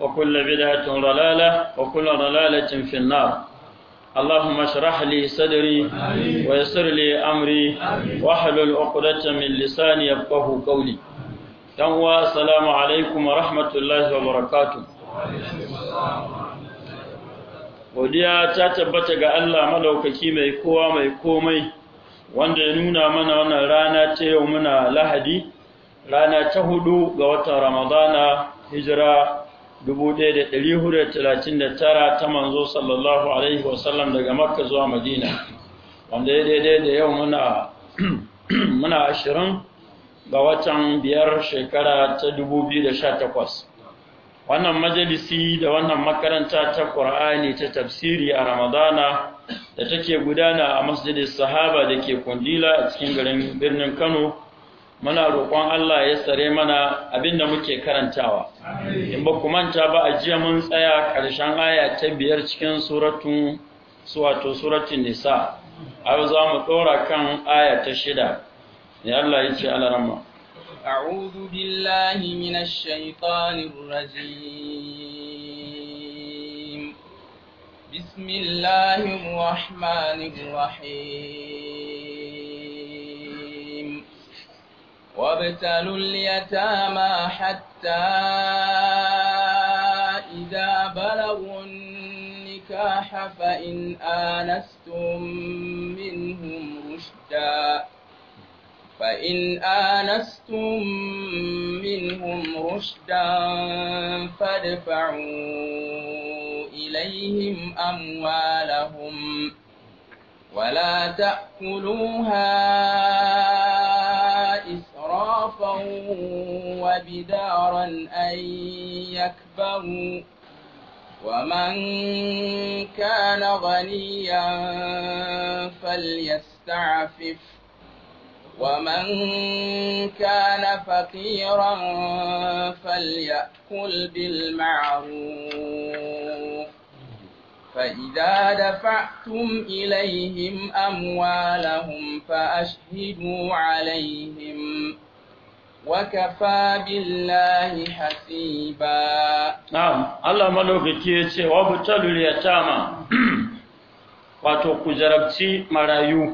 وكل بدعة ضلالة وكل ضلالة في النار اللهم اشرح لي صدري ويسر لي أمري واحلل عقدة من لساني يفقه قولي يوم السلام عليكم ورحمة الله وبركاته godiya ta tabbata ga Allah madaukaki mai kowa mai komai wanda ya nuna mana wannan rana ta yau muna lahadi rana ta hudu ga watan ramadana hijira 1439 ta manzo sallallahu alaihi wasallam daga makka zuwa madina wanda ya daidai da yau muna muna ashirin ga watan biyar shekara ta 2018 wannan majalisi da wannan makaranta ta ƙur'ani ta tafsiri a ramadana da take gudana a masjidin sahaba da ke kundila a cikin garin birnin kano muna roƙon Allah ya tsare mana abin da muke karantawa in ba ku manta ba a jiya mun tsaya ƙarshen aya ta biyar cikin suratun suwato suratun nisa a yau za mu ɗora kan aya ta shida ya Allah ya ce alarama أعوذ بالله من الشيطان الرجيم بسم الله الرحمن الرحيم وابتلوا اليتامى حتى إذا بلغوا النكاح فإن آنستم منهم رشدا فإن آنستم منهم رشدا فادفعوا إليهم أموالهم ولا تأكلوها شرفا وبدارا أن يكبروا ومن كان غنيا فليستعفف ومن كان فقيرا فليأكل بالمعروف فإذا دفعتم إليهم أموالهم فأشهدوا عليهم وكفى بالله حسيبا نعم الله ملوكي يتي وابتلوا اليتامى wato ku jarabci marayu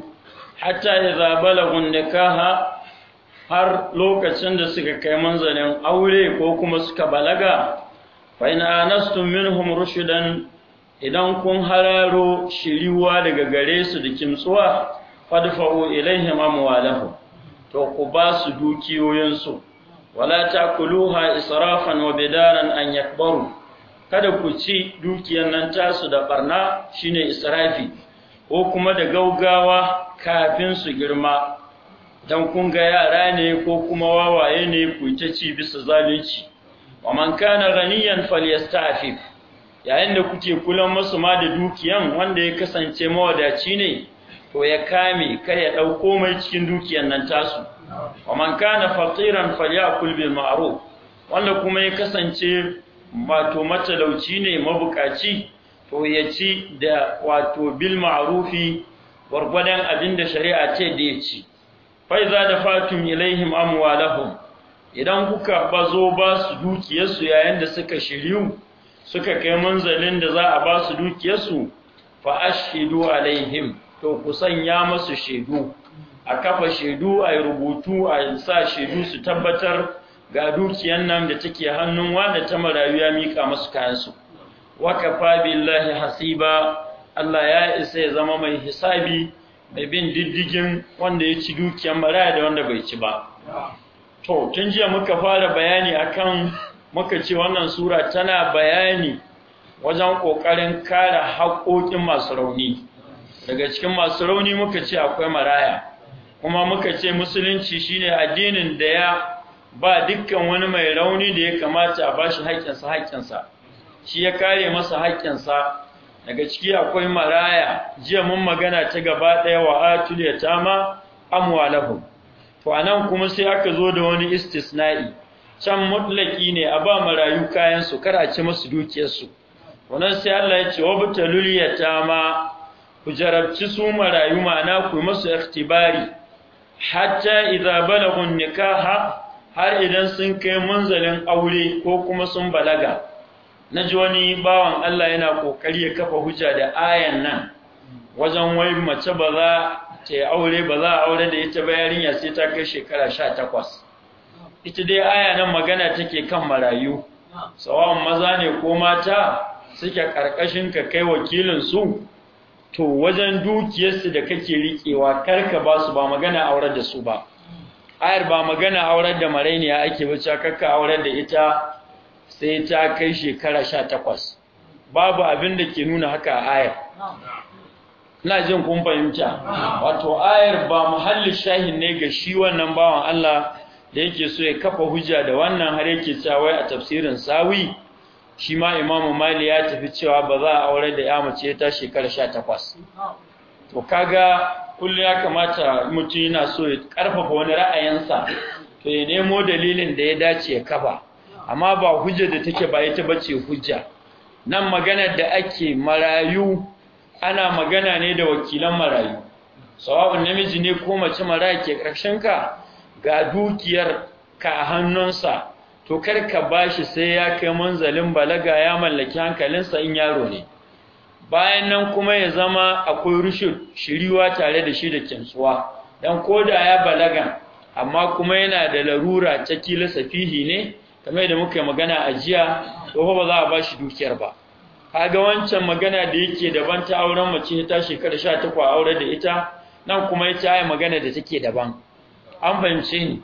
hatta idza balagun nikaha har lokacin da suka kai manzanin aure ko kuma suka balaga fa in anastum minhum rushdan idan kun hararo shiriwa daga gare su da kimtsuwa fadfa'u ilaihim amwalahum to ku ba su dukiyoyinsu wala kuluha israfan wa bidaran an yakbaru kada ku ci dukiyar nan tasu da barna shine israfi ko kuma da gaugawa kafin su girma dan kun ga yara ne ko kuma wawaye ne ku ta ci bisa zalunci wa man kana ghaniyan falyastafif yayin da kuke kulan masu ma da dukiyan wanda ya kasance mawadaci ne to ya kame kai ya ɗauko mai cikin dukiyar nan tasu wa man kana faqiran falyakul bil ma'ruf wanda kuma ya kasance wato matalauci ne mabukaci to ya ci da wato bil ma'rufi gwargwadon abinda shari'a ce da ya ci fa iza da fatum ilaihim amwalahum idan kuka bazo ba su dukiyarsu yayin da suka shiryu suka kai manzalin da za a ba su dukiyarsu fa ashhidu alaihim to ku sanya masu shaidu a kafa shaidu a rubutu a sa shaidu su tabbatar ga dukiyar nan da take hannun wanda ta marayu mika masu kayansu wakafa billahi hasiba Allah ya isa ya zama mai hisabi mai bin diddigin wanda ya ci dukiyan maraya da wanda bai ci ba to tun jiya muka fara bayani akan muka ce wannan sura tana bayani wajen ƙoƙarin kare haƙoƙin masu rauni daga cikin masu rauni muka ce akwai maraya kuma muka ce musulunci shine addinin da ya ba dukkan wani mai rauni da ya kamata a bashi haƙƙinsa haƙƙinsa shi ya kare masa haƙƙinsa daga ciki akwai maraya jiya mun magana ta gaba ɗaya wa atul yatama amwalahum to anan kuma sai aka zo da wani istisna'i can mutlaki ne a ba marayu kayan su kar a ci musu dukiyarsu? su wannan sai Allah ya ce wa ta yatama ku jarabci su marayu ma'ana ku masu ikhtibari hatta idza balagun nikaha har idan sun kai munzalin aure ko kuma sun balaga na ji wani bawan Allah yana kokari ya kafa hujja da ayan nan wajen wai mace ba za ta aure ba za a aure da ita ba yarinya sai ta kai shekara 18 ita dai aya nan magana take kan marayu sawawan maza ne ko mata suke karkashin ka kai wakilin su to wajen dukiyarsu da kake riƙewa karka ba su ba magana aurar da su ba ayar ba magana aurar da marainiya ake bace karka aurar da ita sai ta kai shekara 18 babu abin da ke nuna haka a ayar ina jin kun fahimta wato ayar ba muhalli shahi ne ga shi wannan bawan Allah da yake so ya kafa hujja da wannan har yake cewa a tafsirin sawi shi ma imamu mali ya tafi cewa ba za a aure da ya mace ta shekara sha takwas to kaga kullum ya kamata mutum yana so ya karfafa wani ra'ayinsa to ya nemo dalilin da ya dace ya kafa amma ba hujja da take ba ita bace hujja nan maganar da ake marayu ana magana ne da wakilan marayu sawabin namiji ne ko mace mara ke ka ga dukiyar ka a hannunsa to karka ba shi sai ya kai manzalin balaga ya mallaki hankalinsa in yaro ne bayan nan kuma ya zama akwai rushe shiriwa tare da shi da kintsuwa dan koda ya balaga amma kuma yana da larura ta kila safihi ne kamar da muka magana a jiya to ba za a bashi dukiyar ba kaga wancan magana da yake daban ta auren mace ta shekara 18 aure da ita nan kuma ita magana da take daban an fahimce ni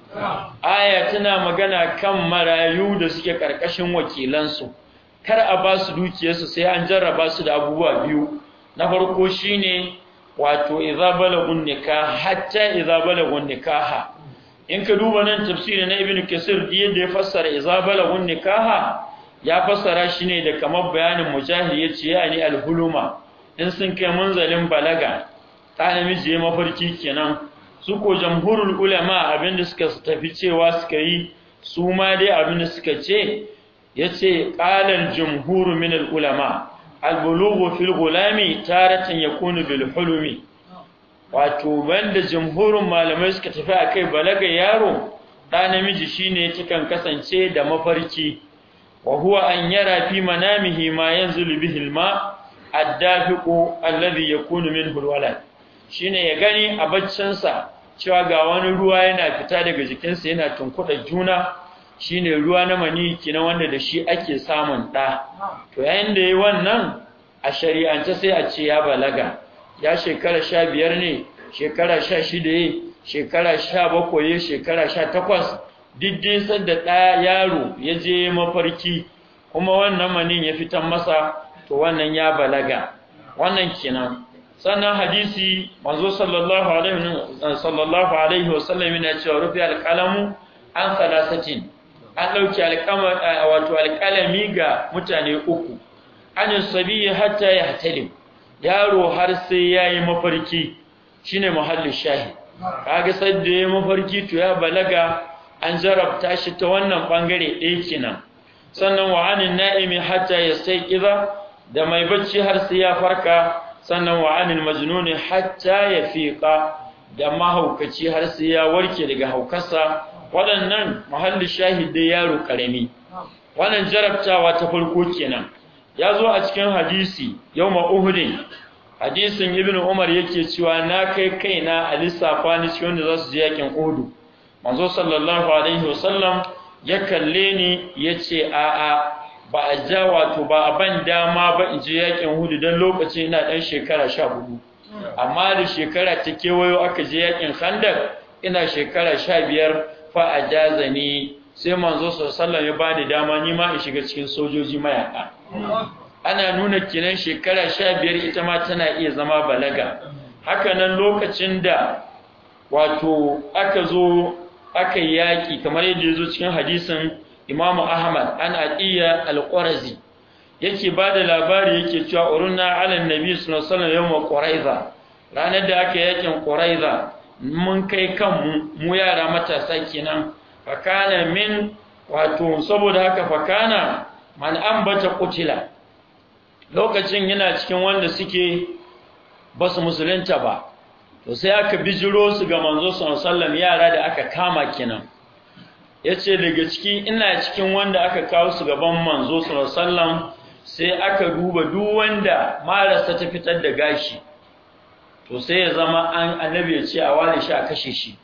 aya tana magana kan marayu da suke ƙarƙashin wakilansu kar a ba su dukiyarsu sai an jarraba su da abubuwa biyu na farko shine wato idza balagun hatta idza balagun nikaha in ka duba nan tafsiri na ibnu kasir yadda ya fassara idza balagun nikaha ya fassara shi ne da kamar bayanin mujahid ya ce yani alhuluma in sun kai munzalin balaga ta namiji ya mafarki kenan su ko jamhurul ulama abinda suka tafi cewa suka yi su ma dai abinda suka ce yace ce jamhuru min al ulama al bulughu fil gulami taratan yakunu bil hulumi wato banda jamhurin malamai suka tafi a akai balaga yaro da namiji shine takan kasance da mafarki wa huwa an yara fi manamihi ma hilma, bihi al ma addafiqu alladhi yakunu Min hulwala shi shine ya gani a baccinsa cewa ga wani ruwa yana fita daga jikinsa yana tunkuɗa juna shine ruwa na maniki na wanda da shi ake samun ɗa to yayin da yi wannan a shari'ance sai a ce ya balaga ya shekara sha biyar ne shekara sha shida ne shekara sha bakwai ne shekara sha takwas diddin sadda ɗa yaro ya je mafarki kuma wannan manin ya fitan masa to wannan ya balaga wannan kenan sannan hadisi manzo sallallahu alaihi sallallahu alaihi wasallam yana cewa rufi alqalamu an salasatin an dauki alqama wato ga mutane uku an sabiyi hatta hatalim yaro har sai yayi mafarki shine muhallin shahi, kaga sai da yayi mafarki to ya balaga an jarabta shi ta wannan ɓangare ɗaya kenan sannan wa anin na'imi sai ƙiza da mai bacci har sai ya farka sannan wa anil majnuni hatta yafiqa da mahaukaci har sai ya warke daga haukarsa waɗannan muhalli shahidai yaro karami wannan jarabtawa ta farko kenan ya zo a cikin hadisi yau uhudin hadisin ibnu umar yake cewa na kai kaina a lissafa ni cikin da za su je yakin uhudu manzo sallallahu alaihi wasallam ya kalle ni ya ce a'a ba a ja wato ba a ban dama ba in je yakin hudu don lokaci ina ɗan shekara sha hudu amma da shekara ta kewayo aka je yakin khandar ina shekara sha biyar fa a jaza sai manzo sallallahu ya ni dama ni ma in shiga cikin sojoji mayaka ana nuna kinan shekara sha biyar ita ma tana iya zama balaga haka nan lokacin da wato aka zo aka yaƙi kamar yadda ya zo cikin hadisin imam ahmad an aqiya al-qurazi yake da labari yake cewa urunna ala nabi sallallahu alaihi wasallam yawm quraiza ranar da aka yakin quraiza mun kai kan mu yara matasa kenan fakana min wato saboda haka fakana man ambata kutila lokacin yana cikin wanda suke basu musulunta ba to sai aka bijiro su ga manzo sallallahu alaihi wasallam yara da aka kama kenan Ya ce daga ciki ina cikin wanda aka kawo su gaban manzo sallallahu sai aka duba duk wanda marasa ta fitar da gashi to sai ya zama an annabi ya ce a wani shi a kashe shi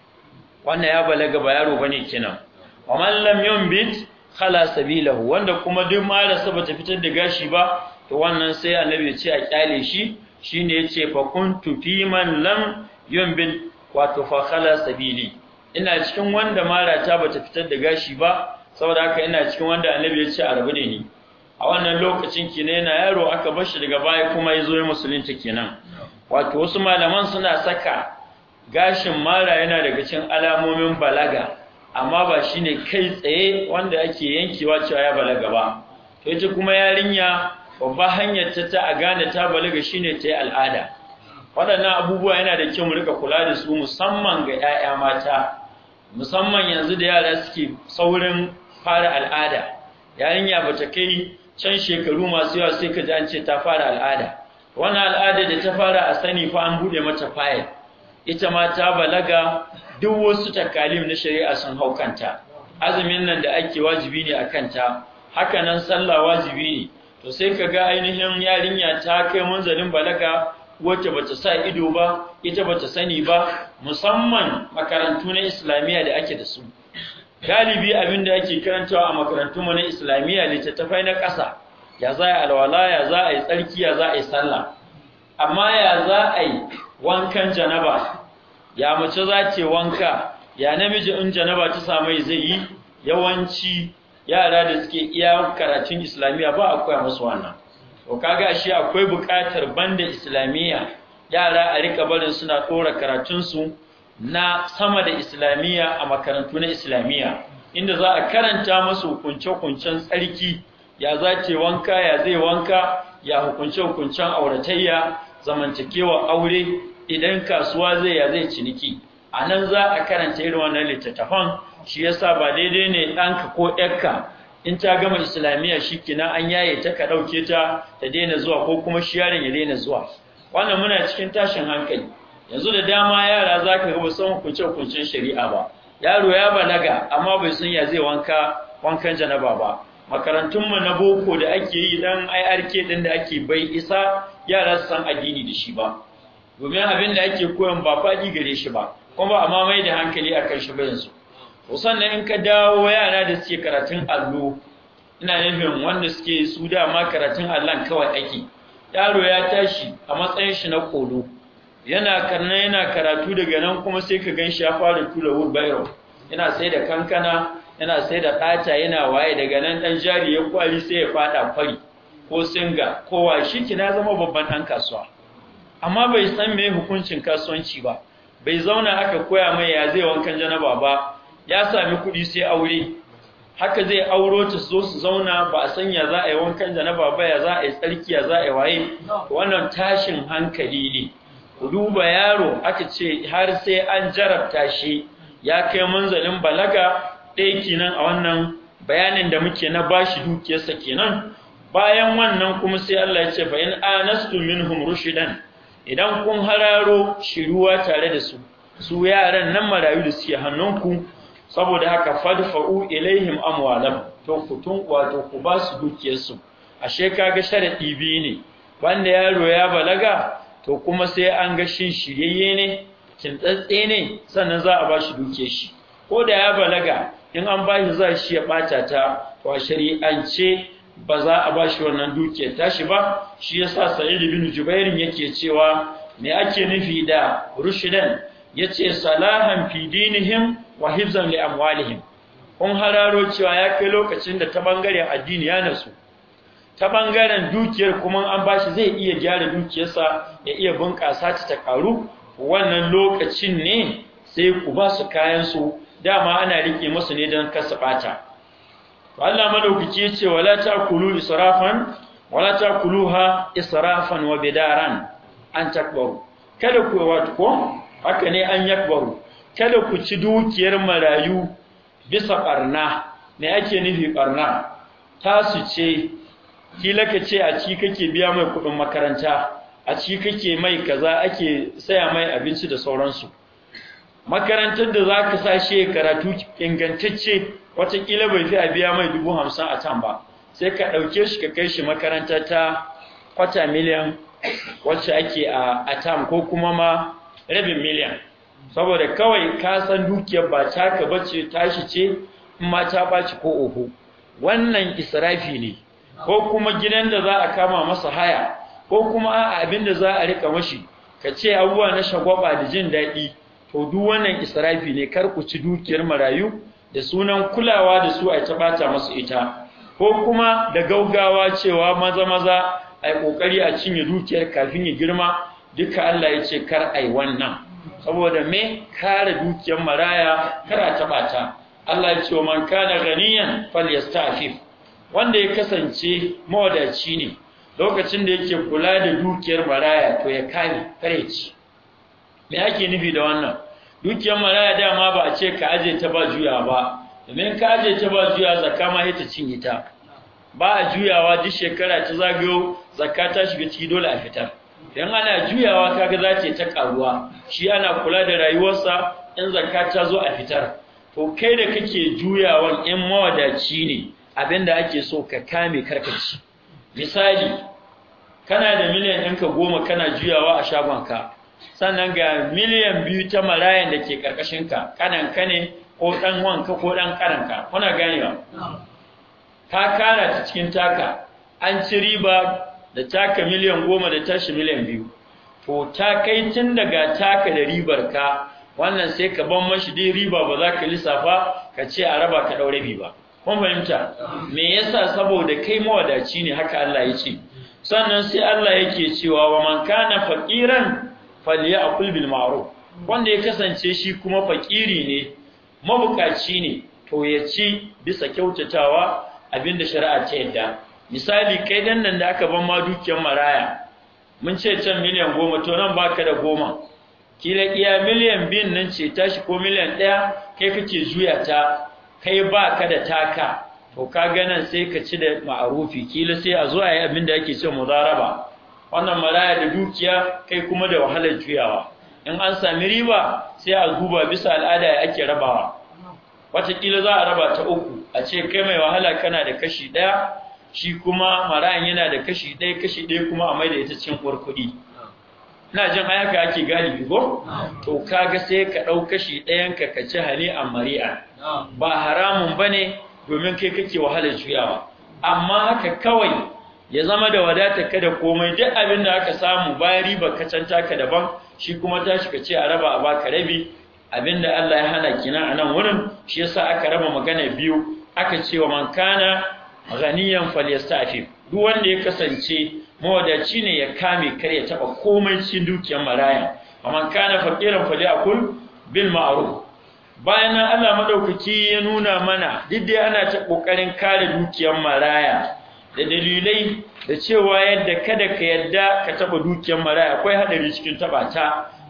wannan ya balaga ba yaro bane kenan wa man lam yunbit khala sabilahu wanda kuma duk marasa ba ta fitar da gashi ba to wannan sai annabi ya ce a kyale shi shine ce fa kuntu fi man lam yunbit wato fa khala sabili ina cikin wanda marata bata fitar da gashi ba saboda haka ina cikin wanda annabi ya ce a rabu ne ni a wannan lokacin kenan yana yaro aka bar shi daga baya kuma ya zo ya musulunta kenan wato wasu malaman suna saka gashin mara yana daga cikin alamomin balaga amma ba shine kai tsaye wanda ake yankewa cewa ya balaga ba to ita kuma yarinya babba hanyar ta ta a gane ta balaga shine ta yi al'ada waɗannan abubuwa yana da kyau mu rika kula da su musamman ga 'ya'ya mata musamman yanzu da yara suke saurin fara al'ada yarinya ba ta kai can shekaru masu yawa sai ka ji an ce ta fara al'ada wannan al'ada da ta fara a sani fa an bude mata fayil ita ma ta balaga duk wasu takalim na shari'a sun hau kanta azumin nan da ake wajibi ne a kanta haka nan sallah wajibi ne to sai ka ga ainihin yarinya ta kai manzalin balaga wacce bata sa ido ba ita bata sani ba musamman makarantu na islamiyya da ake da su galibi abin da ake karantawa a makarantu na islamiyya littattafai na ƙasa ya za a alwala ya za a yi tsarki ya za a yi sallah amma ya za a yi wankan janaba ya mace za ce wanka ya namiji in janaba ta samu zai yi yawanci yara da suke iya karatun islamiyya ba a koya musu wannan to kaga shi akwai buƙatar banda islamiyya yara a rika barin suna ɗora karatunsu na sama da islamiyya a makarantu na islamiyya inda za a karanta masu hukunce-hukuncen tsarki ya zace wanka ya zai wanka ya hukunce-hukuncen auratayya zamantakewa aure idan kasuwa zai ya zai ciniki a nan za a karanta irin wannan littattafan shi yasa ba daidai ne ɗanka ko ƴarka in ta gama islamiyya kina an yaye ta ka ɗauke ta ta daina zuwa ko kuma shi yaron ya daina zuwa wannan muna cikin tashin hankali yanzu da dama yara zaka ga ba san hukunce-hukuncen shari'a ba yaro ya balaga amma bai san ya zai wanka wankan janaba ba makarantunmu na boko da ake yi dan IRK din da ake bai isa yara su san addini da shi ba domin abin da ake koyon ba faɗi gare shi ba kuma ba mai da hankali a kan shi ba yanzu sannan in ka dawo yara da suke karatun allo ina nufin wanda suke su dama karatun allon kawai ake yaro ya tashi a matsayin shi na kolo yana karna yana karatu daga nan kuma sai ka gan shafa da fara tura yana sai da kankana yana sai da ɗata yana waye daga nan ɗan jari ya kwali sai ya fada fari ko singa ko washi kina zama babban ɗan kasuwa amma bai san me hukuncin kasuwanci ba bai zauna aka koya mai ya zai wankan janaba ba ya sami kuɗi sai aure haka zai auro ta zo su zauna ba a sanya za a yi wankan na baba ya za a yi tsarki ya za a yi waye wannan tashin hankali ne duba yaro aka ce har sai an jarabta shi ya kai manzalin balaga ɗaya kenan a wannan bayanin da muke na bashi dukiyarsa kenan bayan wannan kuma sai Allah ya ce fa in anastu minhum rushidan idan kun hararo shiruwa tare da su su yaran nan marayu da suke hannunku saboda haka fadfa'u ilaihim amwalam to kutun wato ku ba su dukiyarsu ashe kaga sharadi biyu ne Wanda yaro ya balaga to kuma sai an ga shin shiryayye ne kintsatse ne sannan za a ba shi dukiyar shi ko da ya balaga in an ba shi za shi ya bata ta to shari'ance ba za a ba shi wannan dukiyar tashi ba shi yasa sa'id bin jubairin yake cewa me ake nufi da rushdan yace salahan fi dinihim wa hifzan li amwalihim kun hararo cewa ya kai lokacin da ta bangaren addini ya nasu ta bangaren dukiyar kuma an bashi zai iya gyara dukiyarsa ya iya bunƙasa ta ta karu wannan lokacin ne sai ku ba su kayan su dama ana rike musu ne don kasa bata Allah madaukaki ya ce wala ta'kulu israfan wala ta'kuluha israfan wa bidaran an takbaru kada ku wato ko haka ne an yakbaru kada ku ci dukiyar marayu bisa ɓarna me ake nufi ɓarna tasu ce kila ka ce a ci kake biya mai kuɗin makaranta a ci kake mai kaza ake saya mai abinci da sauransu makarantar da za ka sa shi karatu ingantacce watakila bai fi a biya mai dubu hamsin a can ba sai ka ɗauke shi ka kai shi makaranta ta kwata miliyan wacce ake a tam ko kuma ma rabin miliyan saboda kawai ka san dukiyar ba taka bace tashi ce in ma ta baci ko oho wannan israfi ne ko kuma gidan da za a kama masa haya ko kuma a abin da za a rika mashi ka ce abuwa na shagwaba da jin daɗi to duk wannan israfi ne kar ku ci dukiyar marayu da sunan kulawa da su a ta bata masu ita ko kuma da gaugawa cewa maza maza ai kokari a cinye dukiyar kafin ya girma duka Allah ya ce kar ai wannan saboda me kare dukiyar maraya kara taɓa ta Allah ya ce wa man kana ganiyan falyastafif wanda ya kasance mawadaci ne lokacin da yake kula da dukiyar maraya to ya kare kare ci me ake nufi da wannan dukiyar maraya dama ba a ce ka aje ta ba juya ba domin ka aje ta ba juya zakka ma ita cinye ta ba a juyawa duk shekara ta zagayo zakka ta shiga ciki dole a fitar dan ana juyawa kaga zace ta karuwa shi ana kula da rayuwarsa in zakka ta zo a fitar to kai da kake juyawan in mawadaci ne abinda ake so ka kame karkaci misali kana da miliyan ɗinka goma kana juyawa a shagon ka, sannan ga miliyan biyu ta marayan da ke ƙarƙashinka kananka ne ko ɗan wanka ko ɗan karanka kuna ganewa ka kara ta cikin taka an ci riba da taka miliyan goma da tashi miliyan biyu to ta kai tun daga taka da ribar ka wannan sai ka ban mashi dai riba ba za ka lissafa ka ce a raba ka ɗaure bi ba kun fahimta me yasa saboda kai mawadaci ne haka Allah ya ce sannan sai Allah yake cewa wa man kana faqiran falyakul bil ma'ruf wanda ya kasance shi kuma fakiri ne mabukaci ne to ya ci bisa kyautatawa abinda shari'a ta yadda misali kai dan nan da aka ban ma dukiyar maraya mun ce can miliyan goma to nan baka da goma kila iya miliyan biyun nan ce tashi ko miliyan ɗaya kai kake juya ta kai baka da taka to ka nan sai ka ci da ma'arufi kila sai a zo a yi abin da ake ce muzaraba wannan maraya da dukiya kai kuma da wahalar juyawa in an sami riba sai a guba bisa al'ada ake rabawa Wataƙila za a raba ta uku a ce kai mai wahala kana da kashi ɗaya shi kuma marayan yana da kashi ɗaya kashi ɗaya kuma a mai da ita cikin uwar kuɗi ina jin ayaka ake galibi ko to kaga sai ka ɗau kashi ɗayan ka ka ci hali a mari'a ba haramun ba ne domin kai kake wahalar juyawa amma haka kawai ya zama da wadata ka da komai duk abin da aka samu bayan riba ka canta ka daban shi kuma tashi ka ce a raba a baka rabi abin da Allah ya hana kina a nan wurin shi yasa aka raba magana biyu aka ce wa man kana ghaniyan falyastafif duk wanda ya kasance mawadaci ne ya kame kar ya taba komai cikin dukiyar maraya amma kana faqiran falyakul bil ma'ruf bayan nan Allah madaukaki ya nuna mana duk dai ana ta kokarin kare dukiyar maraya da dalilai da cewa yadda kada ka yadda ka taba dukiyar maraya akwai hadari cikin ta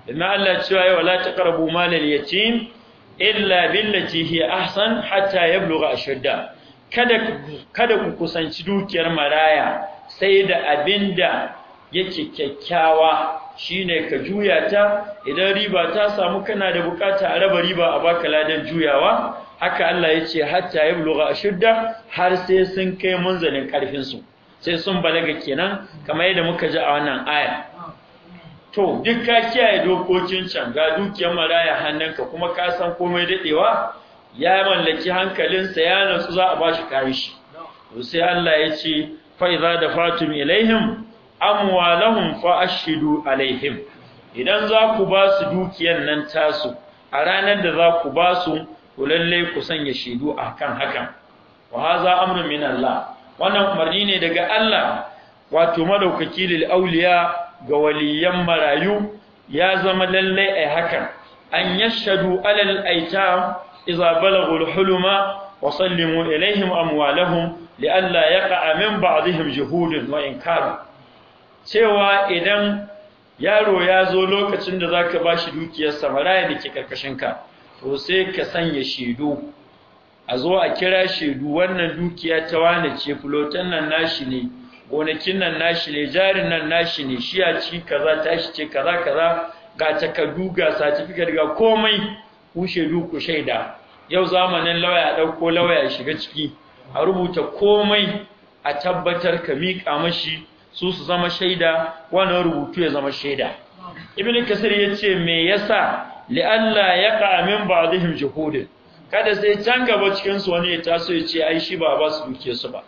dan Allah cewa ya wala taqrabu malal yatim illa billati hi ahsan hatta yablugha ashadda kada ku kusanci dukiyar maraya sai da abin abinda yake kyakkyawa shine ka juya ta idan riba ta samu kana da bukata a raba riba a baka ladan juyawa haka Allah ya ce hatta ya buluga har sai sun kai munzalin ƙarfinsu sai sun balaga kenan kamar yadda muka ji a wannan aya to duk ka kiyaye dokokin can ga dukiyar maraya hannunka kuma ka san komai daɗewa ya mallaki hankalinsa ya natsu za a ba shi kayan shi sai Allah ya ce fa'iza da fatum ilaihim amwalahum fa ashidu alaihim idan za ku ba su dukiyan nan tasu a ranar da za ku ba su ku lalle ku sanya shaidu kan hakan wa haza amrun min Allah wannan umarni ne daga Allah wato madaukaki lil auliya ga waliyan marayu ya zama lallai ai hakan an yashadu alal aitam إذا بلغوا الحلم وسلموا إليهم أموالهم لئلا يقع من بعضهم جهود وإنكار cewa idan yaro ya zo lokacin da za ka ba shi dukiyarsa maraya da ke karkashinka to sai ka sanya shaidu a zo a kira shaidu wannan dukiya ta wane ce fulotan nan nashi ne gonakin nan nashi ne jarin nan nashi ne shi ya ci kaza tashi ce kaza kaza ga takardu ga satifikat ga komai ku shaidu shaida yau zamanin lauya ɗauko lauya shiga ciki a rubuta komai a tabbatar ka miƙa mashi su su zama shaida wannan rubutu ya zama shaida ibn kasir ya ce me yasa li'alla ya ƙamin ba'dihim juhudin kada sai can gaba cikin su wani ya taso ya ce ai shi ba ba su duke su ba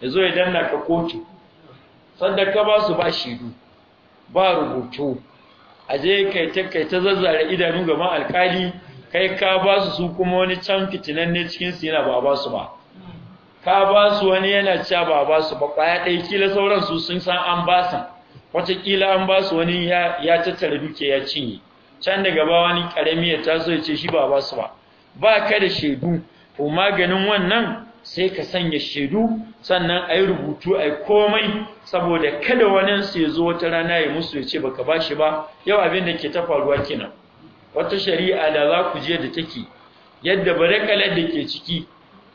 yazo ya danna ka kotu sanda ka ba su ba shaidu ba rubutu a je kai ta kai ta zazzare idanu gaban alkali kai ka ba su su kuma wani can fitinan ne cikin su yana ba ba su ba ka ba su wani yana cewa ba ba su ba kwaya ɗaya kila sauran su sun san an ba wataƙila an ba su wani ya tattara duke ya cinye can daga ba wani ƙarami ya taso ya ce shi ba ba su ba ba ka da shaidu ko maganin wannan sai ka sanya shaidu sannan a yi rubutu a komai saboda kada wani su ya zo wata rana ya musu ya ce baka ba shi ba yau abin da ke ta faruwa kenan wata shari'a da za ku je da take yadda barakalar da ke ciki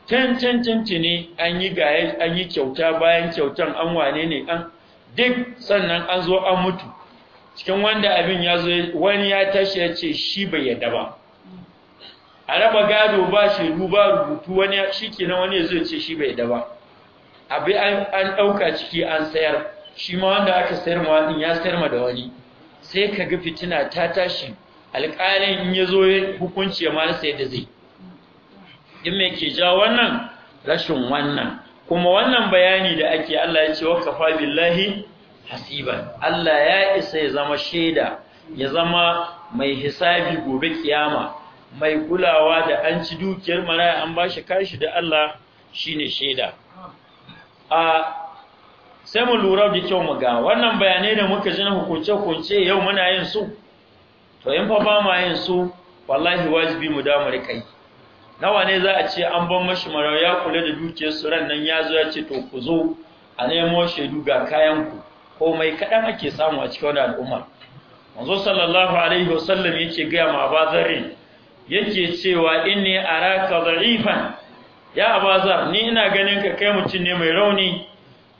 can can can ne an yi ga an yi kyauta bayan kyautan an wane ne an duk sannan an zo an mutu cikin wanda abin ya zo wani ya tashi ya ce shi bai yadda ba a raba gado ba shi ba rubutu wani shi na wani zai ce shi bai da ba abi an ɗauka ciki an sayar shi ma wanda aka sayar ma wani ya sayar ma da wani sai ka ga fitina ta tashi alƙalin in ya zo hukunci ya ma sai da zai in me ke ja wannan rashin wannan kuma wannan bayani da ake Allah ya ce wa kafa billahi hasiban Allah ya isa ya zama shaida ya zama mai hisabi gobe kiyama mai kulawa da an ci dukiyar maraya an ba shi kashi da Allah shi ne shaida a sai mu lura da kyau mu ga wannan bayanai da muka ji na hukunce-hukunce yau muna yin su to in fa ma yin su wallahi wajibi mu da kai. nawa ne za a ce an ban mashi marau ya kula da dukiyar su ran nan ya zo ya ce to ku zo a nemo shaidu ga kayan ku komai kaɗan ake samu a cikin wani al'umma manzo sallallahu alaihi wasallam yake gaya ma ba zarri yake cewa inni araka dha'ifan ya abazar ni ina ganin ka kai mutum ne mai rauni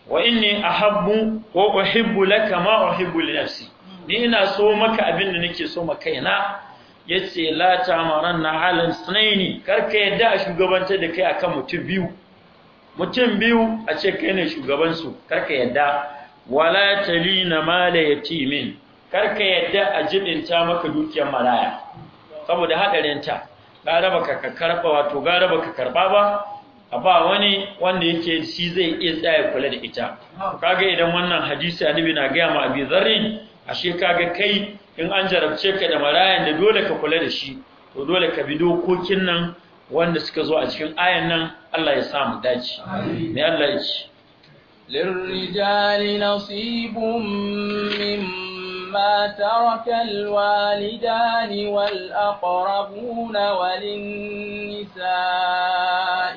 wa inni ahabbu wa uhibbu laka ma uhibbu li nafsi ni ina so maka abin da nake so ma kaina yace la ta'maranna ala sunaini karka yadda a shugabantar da kai akan mutum biyu mutum biyu a ce kai ne shugaban su karka yadda wala talina mala yatimin karka yadda a jibinta maka dukiyar maraya saboda hadarinta gara baka ka karɓa wato gara baka karba ba a ba wani wanda yake shi zai iya tsaya kula da ita kaga idan wannan hadisi annabi na gaya ma abi zarri ashe kaga kai in an jarabce ka da marayan da dole ka kula da shi to dole ka bi dokokin nan wanda suka zo a cikin ayan nan Allah ya sa mu dace me Allah ya ci للرجال نصيب مما مما ترك الوالدان والأقربون وللنساء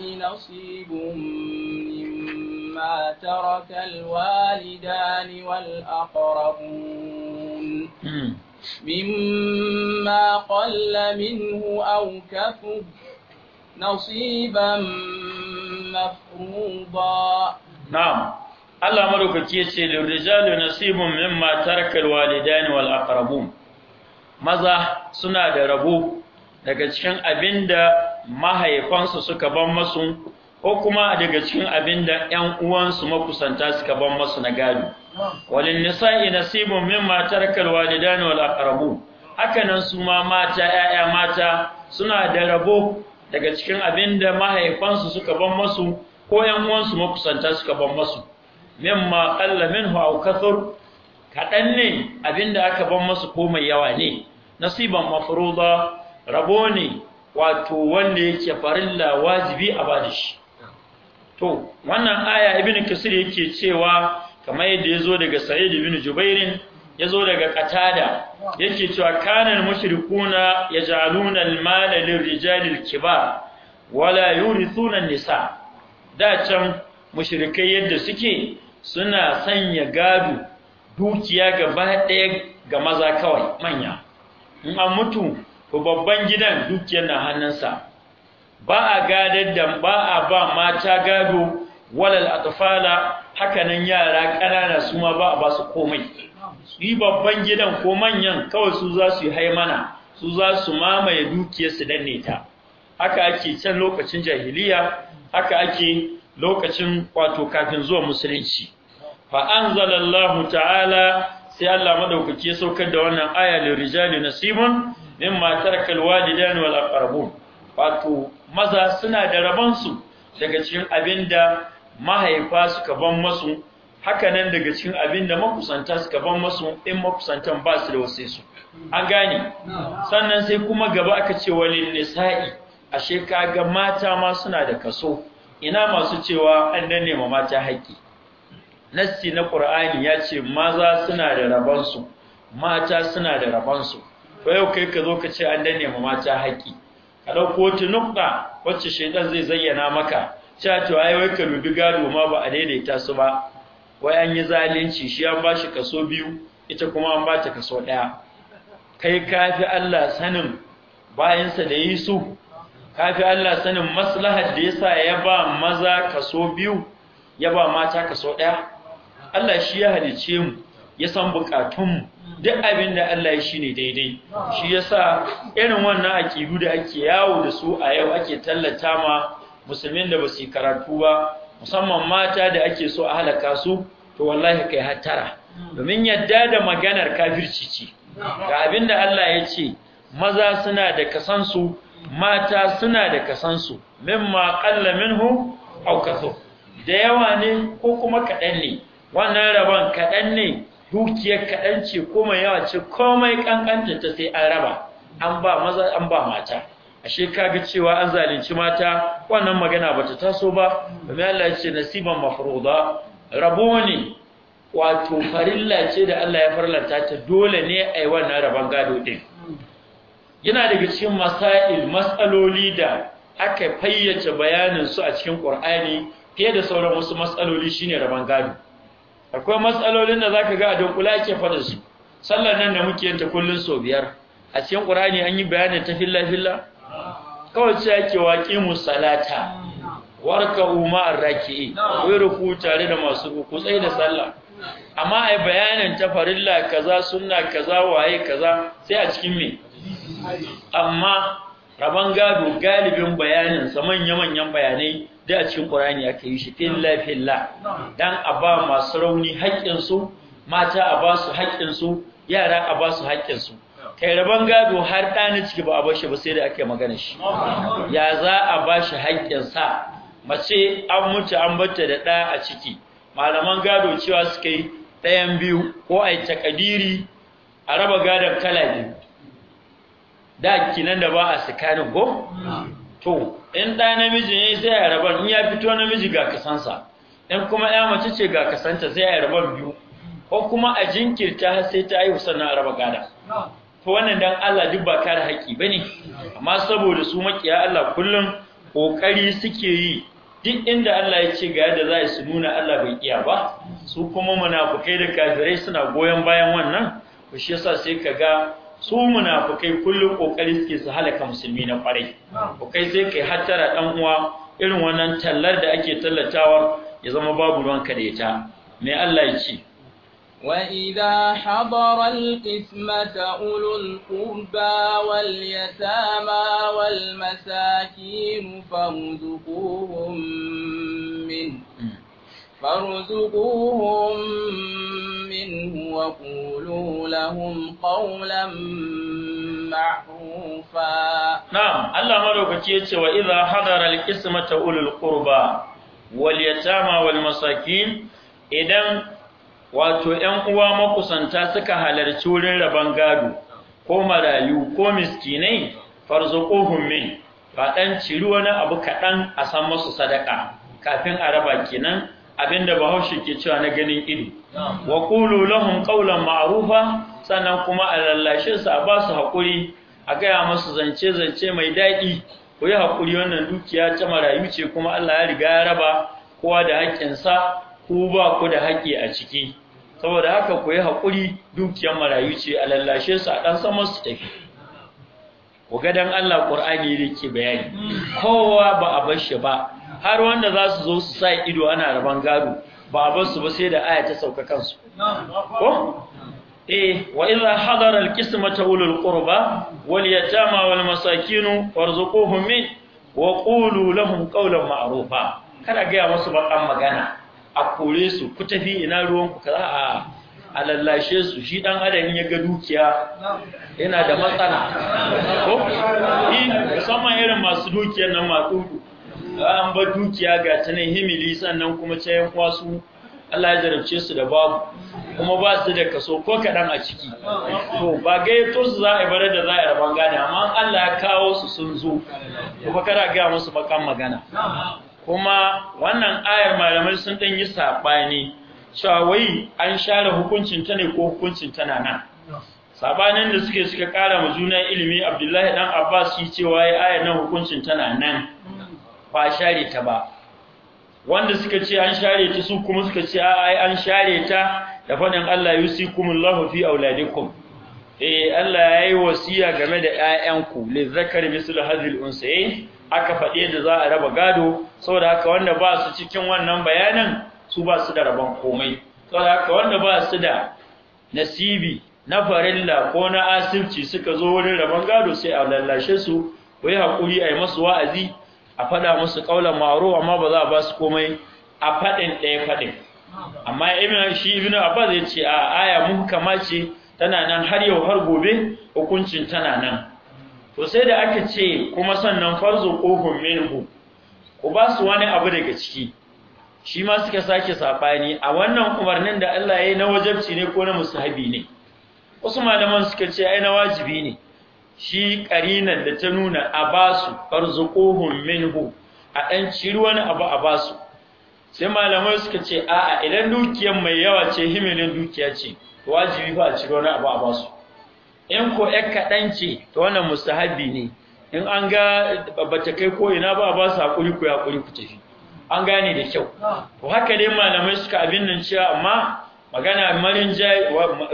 نصيب مما ترك الوالدان والأقربون مما قل منه أو كفر نصيبا مفروضا نعم Allah madaukaki yace lil rijali nasibun mimma taraka al wal aqrabun maza suna da rabo daga cikin abinda mahaifansu suka ban masu ko kuma daga cikin abinda ƴan uwansu makusanta suka ban masu na gado walin nisa'i nasibun mimma taraka al wal aqrabun hakanan su ma mata 'ya'ya mata suna da rabo daga cikin abinda mahaifansu suka ban masu ko ƴan uwansu makusanta suka ban masu mimma qalla minhu aw kathur kadan ne abinda aka ban musu ko mai yawa ne nasiban mafruda rabo ne wato wanda yake farilla wajibi a bada shi to wannan aya ibnu kasir yake cewa kamar yadda yazo daga sa'id ibn jubairin yazo daga qatada yake cewa kanal mushrikuna yaj'aluna al-mala lirrijali al-kibar wala yurithuna an-nisa da can mushrikai yadda suke suna sanya gado dukiya gaba ɗaya ga maza kawai manya in an mutu ko babban gidan dukiyar na hannunsa ba a gadar da ba a ba mata gado walal atfala hakanan yara ƙanana su ma ba a ba su komai yi babban gidan ko manyan kawai su za su yi haimana su za su mamaye dukiyar su danne ta haka ake can lokacin jahiliya haka ake lokacin wato kafin zuwa musulunci fa anzalallahu ta'ala sai Allah madaukake saukar da wannan aya lil rijali nasibun mimma taraka al walidani wal aqrabun wato maza suna da su daga cikin abinda mahaifa suka ban musu haka nan daga cikin abinda makusanta suka ban masu in makusantan ba su da wasai su an gane sannan sai kuma gaba aka ce walil nisa'i ashe kaga mata ma suna da kaso ina masu cewa an danne mata haƙƙi nassi na qur'ani ya ce maza suna da rabonsu mata suna da rabonsu. to yau kai ka zo ka ce an danne ma mata haƙi ka ɗauko wata nukta wacce shaidan zai zayyana maka cewa to ai wai ka dubi gado ma ba a daidaita su ba wai an yi zalunci shi an ba shi kaso biyu ita kuma an ba ta kaso ɗaya kai ka fi Allah sanin bayansa da yi su ka fi Allah sanin maslahar da yasa ya ba maza kaso biyu ya ba mata kaso ɗaya Allah shi ya halice mu ya san bukatunmu duk abin da Allah ya shi ne daidai shi ya sa irin wannan aƙidu da ake yawo da su a yau ake tallata ma musulmin da basu yi karatu ba musamman mata da ake so a halaka su to wallahi kai hattara domin yadda da maganar kafirci ce ga abin da Allah ya ce maza suna da kasansu mata suna da kasansu mimma qalla minhu aw kathu da yawa ne ko kuma kaɗan ne wannan rabon kaɗan ne dukiyar kaɗan ce komai yawa ce komai ƙanƙanta ta sai an raba an ba maza an ba mata ashe kaga cewa an zalunci mata wannan magana bata taso ba domin Allah ya ce nasiban mafruda rabo ne wato farilla ce da Allah ya farlanta ta dole ne a yi wannan rabon gado ɗin. yana daga cikin masail matsaloli da aka fayyace bayanin su a cikin Qur'ani fiye da sauran wasu mas'aloli shine rabon gado akwai matsalolin da zaka ga a dunkula ake fara su sallar nan da muke yin ta kullun so biyar a cikin qur'ani an yi bayanin ta filla filla kawai sai ake waqi musallata warka ma'ar arraki'i wai ruku tare da masu ruku tsaye da sallah amma ai bayanin ta farilla kaza sunna kaza waye kaza sai a cikin me amma rabon gado galibin bayaninsa manya-manyan bayanai da a cikin ƙur'ani aka yi shi filla-filla don a ba masu rauni su, mata a ba su haƙƙinsu yara a ba su haƙƙinsu kai rabon gado har ɗani ciki ba a ba shi ba sai da aka magana shi ya za a ba shi sa mace an mutu an batta da ɗa a ciki malaman gado cewa suka yi ɗayan biyu ko a takadiri a raba gadon kala biyu da kinan da ba a tsakanin, ko to in ɗa namiji ne sai ya rabon, in ya fito namiji ga kasansa in kuma ya mace ce ga kasanta sai ya rabon biyu ko kuma a jinkirta har sai ta haihu sannan a raba gada to wannan dan Allah duk ba kare haƙƙi bane amma saboda su makiya Allah kullum kokari suke yi duk inda Allah ya ce ga yadda za su nuna Allah bai iya ba su kuma munafukai da kafirai suna goyon bayan wannan to shi yasa sai ka ga su munafukai kullum kokari suke su halaka musulmi na kwarai kai sai kai hattara dan uwa irin wannan tallar da ake tallatawa ya zama babu ruwan da me Allah ya ce وإذا حضر القسمة أولو القربى واليتامى والمساكين فارزقوهم منه فارزقوهم منه وقولوا لهم قولا معروفا نعم الله ملوك يتي وإذا حضر القسمة أولو القربى واليتامى والمساكين إذن wato ‘yan uwa makusanta suka halarci wurin rabon gado, ko marayu ko miskinai farzuquhum min ka ɗan ciri wani abu kaɗan a san masu sadaka kafin a raba kenan abinda bahaushe ke cewa na ganin ido wa qulu lahum qawlan ma'rufa sannan kuma a lallashe su a ba hakuri a gaya musu zance zance mai daɗi ku yi hakuri wannan dukiya ta marayu ce kuma Allah ya riga ya raba kowa da haƙƙinsa ku ba ku da haƙƙi a ciki saboda haka ku yi hakuri dukiyar marayu ce a lallashe su a ɗan sama su tafi ku ga dan Allah Qur'ani yake bayani hmm. kowa ba a bar shi ba har wanda za su zo su sa ido ana raban gado ba su ba sai da aya ta sauka kansu ko eh wa idha hadara alqismata ulul qurba wal yatama wal masakin warzuquhum min wa qulu lahum qawlan ma'rufa kada ga ya musu bakan magana a kore su ku tafi ina ruwan ku kaza a a lallashe su shi dan adam ya ga dukiya yana da matsala ko musamman irin masu dukiyar nan masu an bar dukiya ga ta nan himili sannan kuma ce yan kwasu Allah ya jarabce su da babu kuma ba su da kaso ko kaɗan a ciki to ba gayyato su za a bare da za a rabon gane amma Allah ya kawo su sun zo kuma kana gaya musu bakan magana kuma wannan ayar malamai sun ɗan yi saɓani cewa wai an share hukuncin ta ne ko hukuncin tana nan sabanin da suke suka kara ma juna ilimi abdullahi dan abbas shi cewa ayar aya nan hukuncin tana nan ba share ta ba wanda suka ce an share ta su kuma suka ce ai an share ta da fadin Allah yusikumullahu fi auladikum eh Allah yayi wasiya game da ƴaƴanku zakari mislu hadhil unsay aka faɗe da za a raba gado saboda haka wanda ba su cikin wannan bayanan su ba su da rabon komai saboda haka wanda ba su da nasibi na farilla ko na asirci suka zo wurin rabon gado sai a lallashe su ku yi haƙuri a yi masu wa'azi a faɗa musu ƙaunar maro, amma ba za a ba su komai a faɗin ɗaya faɗin amma ibn shi ibn abbas ya ce a aya kama ce tana nan har yau har gobe hukuncin tana nan to sai da aka ce kuma sannan farzu kohun minhu ku ba su wani abu daga ciki shi ma suka sake sabani a wannan umarnin da Allah ya yi na wajabci ne ko na musahabi ne wasu malaman suka ce ai na wajibi ne shi ƙarinan da ta nuna a basu farzuquhum minhu a ɗan ciri wani abu a basu sai malamai suka ce a'a idan dukiyar mai yawa ce himilin dukiya ce wajibi ba a ciri wani abu a basu in ko ƴar kaɗan ce ta wannan mustahabi ne in an ga bata kai ko ina ba ba su haƙuri ku haƙuri ku tafi an gane da kyau to haka dai malamai suka abin nan cewa amma magana marin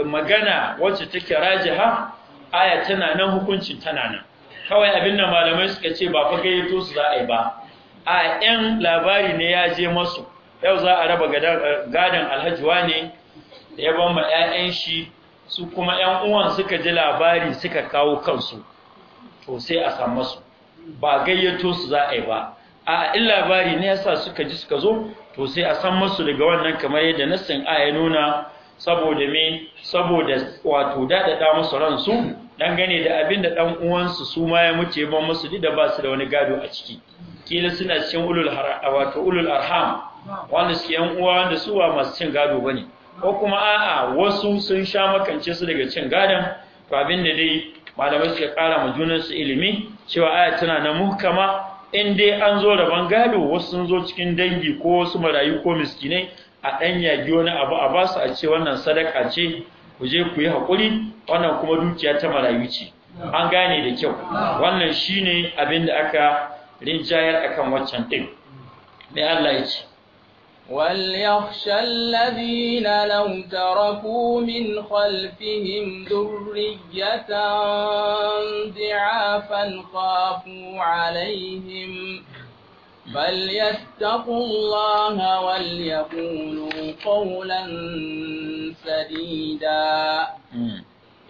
magana wacce take rajiha aya tana nan hukuncin tana nan kawai abin da malamai suka ce ba fa gayyato su za a yi ba a yan labari ne ya je masu yau za a raba gadon alhaji ne da ya ban ma 'ya'yan shi su kuma 'yan uwan suka ji labari suka kawo kansu to sai a samu su ba gayyato su za a yi ba a in labari ne yasa suka ji suka zo to sai a san masu daga wannan kamar yadda nassin aya nuna saboda me saboda wato daɗaɗa musu ransu dangane da abin da ɗan uwansu su ma ya muce ya ban musu da ba su da wani gado a ciki kila suna cikin ulul wato ulul arham wanda suke yan uwa wanda su ba masu cin gado bane ko kuma a'a wasu sun sha makance su daga cin gadon to abin da dai malamai suka ƙara ma junan su ilimi cewa aya tana na muhkama in dai an zo da ban gado wasu sun zo cikin dangi ko wasu marayu ko miskinai a ɗan yagi wani abu a basu a ce wannan sadaka ce ku je ku yi haƙuri wannan kuma dukiya ta marayu ce an gane da kyau wannan shine abin da aka rinjayar a kan waccan ɗin mai Allah ya ce وليخشى الذين لو تركوا من خلفهم ذرية ضعافا خافوا عليهم فليتقوا الله وليقولوا قولا سديدا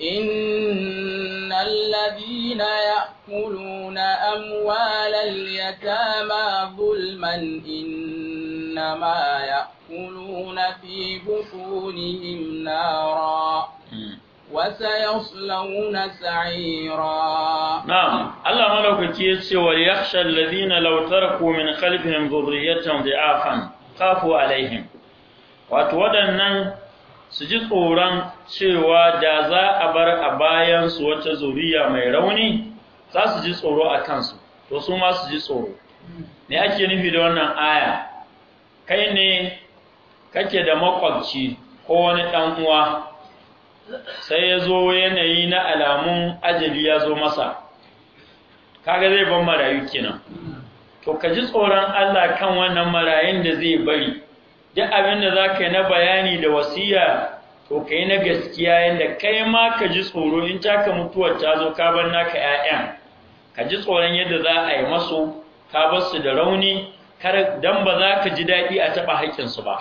إن الذين يأكلون أموال اليتامى ظلما إنما يأكلون في بطونهم نارا وسيصلون سعيرا نعم الله ملوك كيس lautar الذين لو تركوا من خلفهم ذرية ضعافا خافوا عليهم su ji tsoron cewa da za a bar a bayan su wata zuriya mai rauni za su ji tsoro a kansu to su ma su ji tsoro ne ake nufi da wannan aya kai ne kake da makwabci ko wani ɗan uwa sai ya zo yanayi na alamun ajali ya zo masa kaga zai ban marayu kenan to ka ji tsoron Allah kan wannan marayun da zai bari duk abin da za ka yi na bayani da wasiya to ka yi na gaskiya yadda kai ma ka ji tsoro in taka mutuwar ta zo ka bar naka 'ya'yan ka ji tsoron yadda za a yi masu ka bar su da rauni don ba za ka ji daɗi a taɓa haƙƙinsu ba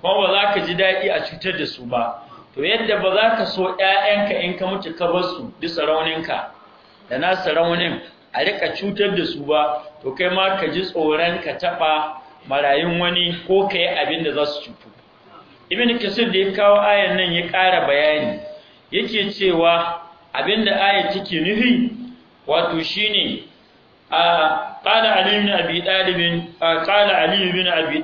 kuma ba za ka ji daɗi a cutar da su ba to yadda ba za ka so ‘ya'yanka in ka mutu ka bar su bisa sarauninka da na raunin a rika cutar da su ba to kai ma ka ji tsoron ka taɓa marayun wani ko ka yi abin da za su cutu ibn kasir da ya kawo ayan nan ya ƙara bayani yake cewa abin da ayan take nufi wato shine a qala ali ibn abi talib qala ali ibn abi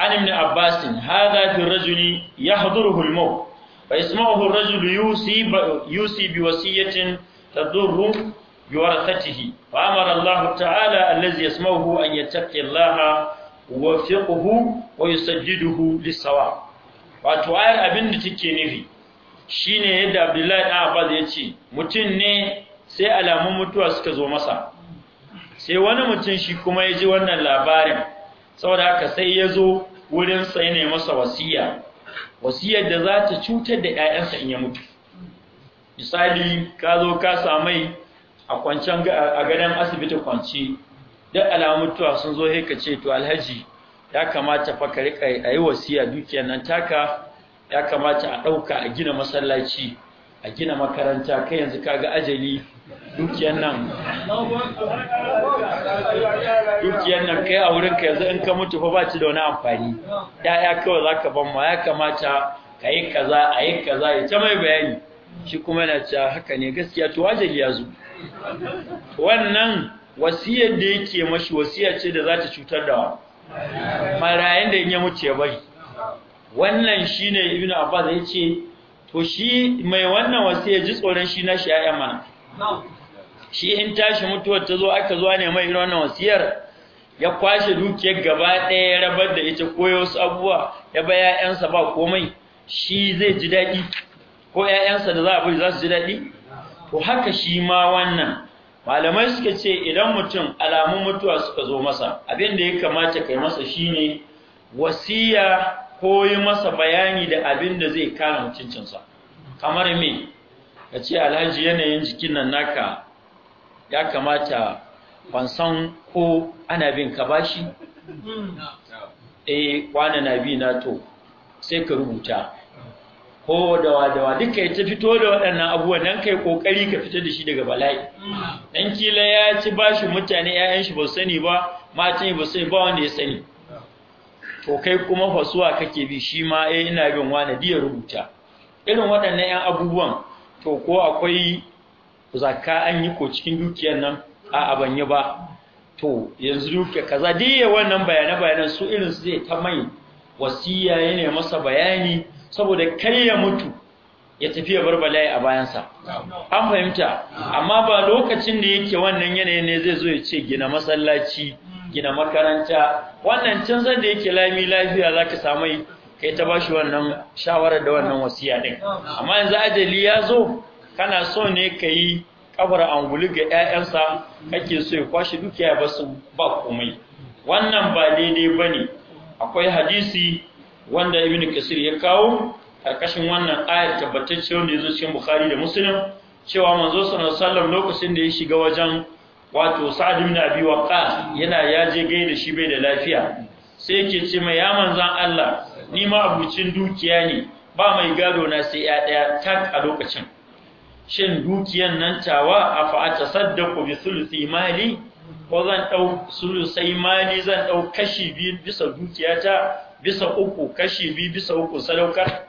عن ابن عباس هذا في الرجل يحضره الموت فيسمعه الرجل يوصي يوصي بوصية تضر بورثته وأمر الله تعالى الذي يسمعه أن يتقي الله ووفقه ويسجده للصواب وتوائر أبن تكينيفي shine yadda Abdullahi ɗan Abbas ya ce mutum ne sai alamun mutuwa suka zo masa sai wani mutum shi kuma ya wannan labarin saboda haka sai ya zo wurin ya nemi masa wasiya wasiyar da za ta cutar da 'ya'yansa in ya mutu misali ka zo ka samai a kwancen a gadon asibiti kwanci duk alamutuwa sun zo ka ce to alhaji ya kamata fa ka rika yi wasiya dukiyar nan taka ya kamata a ɗauka a gina masallaci a gina makaranta kai yanzu kaga ajali dukiyar nan dukiyar nan kai a wurin wurinka yanzu in ka mutu fa ba ci da wani amfani ya kawai za ka ban ma ya kamata ka kaza a yi kaza ya ta mai bayani shi kuma na ta haka ne gaskiya to ajali ya wannan wasiyar da yake mashi wasiya ce da za ta cutar da marayan da in ya mutu ya bari wannan shine ibnu abbas ya ce to shi mai wannan wasu ya ji tsoron shi na shi ya'ya mana shi in tashi mutuwar ta zo aka zuwa ne mai irin wannan wasiyar ya kwashe dukiyar gaba ɗaya ya rabar da ita ko wasu abubuwa ya ba ‘ya'yansa ba komai shi zai ji daɗi ko ‘ya'yansa da za a bari za su ji daɗi to haka shi ma wannan malamai suka ce idan mutum alamun mutuwa suka zo masa abin da ya kamata kai masa shine wasiya ko yi masa bayani da abin da zai kare mutuncinsa kamar me ka ce alhaji yanayin jikin nan naka ya kamata ban san ko ana bin ka bashi eh kwana na bi na to sai ka rubuta ko dawa dawa duka ya ta fito da waɗannan abubuwan nan kai kokari ka fita da shi daga bala'i dan kila ya ci bashi mutane 'ya'yan shi ba sani ba matan ba sani ba wanda ya sani to kai kuma fasuwa kake bi shi ma eh ina bin wani ya rubuta irin waɗannan 'yan abubuwan to ko akwai zakka an yi ko cikin dukiyar nan a abanye ba to yanzu dukiya kaza diya wannan bayana bayanan su irin su zai ta mai wasiya ya ne masa bayani saboda kar ya mutu ya tafi ya bar bala'i a bayansa an fahimta amma ba lokacin da yake wannan yanayin ne zai zo ya ce gina masallaci gina makaranta wannan canzan da yake lami lafiya zaka samu kai ta bashi wannan shawarar da wannan wasiya din amma yanzu ajali ya zo kana so ne ka yi kabar angulu ga 'ya'yansa kake so ya kwashe dukiya ba su ba komai wannan ba daidai ba ne akwai hadisi wanda ibn kasir ya kawo karkashin wannan ayar tabbatacce wanda ya zo cikin bukhari da muslim cewa manzo sallallahu alaihi wasallam lokacin da ya shiga wajen wato sa'ad ibn abi waqqas yana yaje gaida shi bai da lafiya sai yake ce mai ya manzan Allah ni ma abucin dukiya ne ba mai gado na sai ya daya tak a lokacin shin dukiyan nan tawa a fa atasaddaqu bi thuluthi mali ko zan dau sulusai mali zan dau kashi biyu bisa dukiyata bisa uku kashi biyu bisa uku sadaukar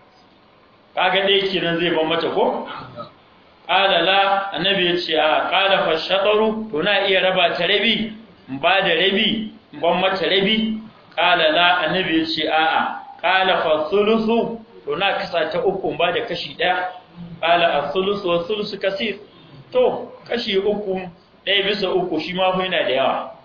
kaga dai kenan zai ban mata ko qala la annabi ya ce a qala fa to na iya raba ta rabi ba da rabi ban mata rabi qala la annabi ya ce a a fasulusu, to na kasa ta uku ba da kashi daya qala a sulusu, wa sulusu kasi, to kashi uku ɗaya bisa uku shi ma fa yana da yawa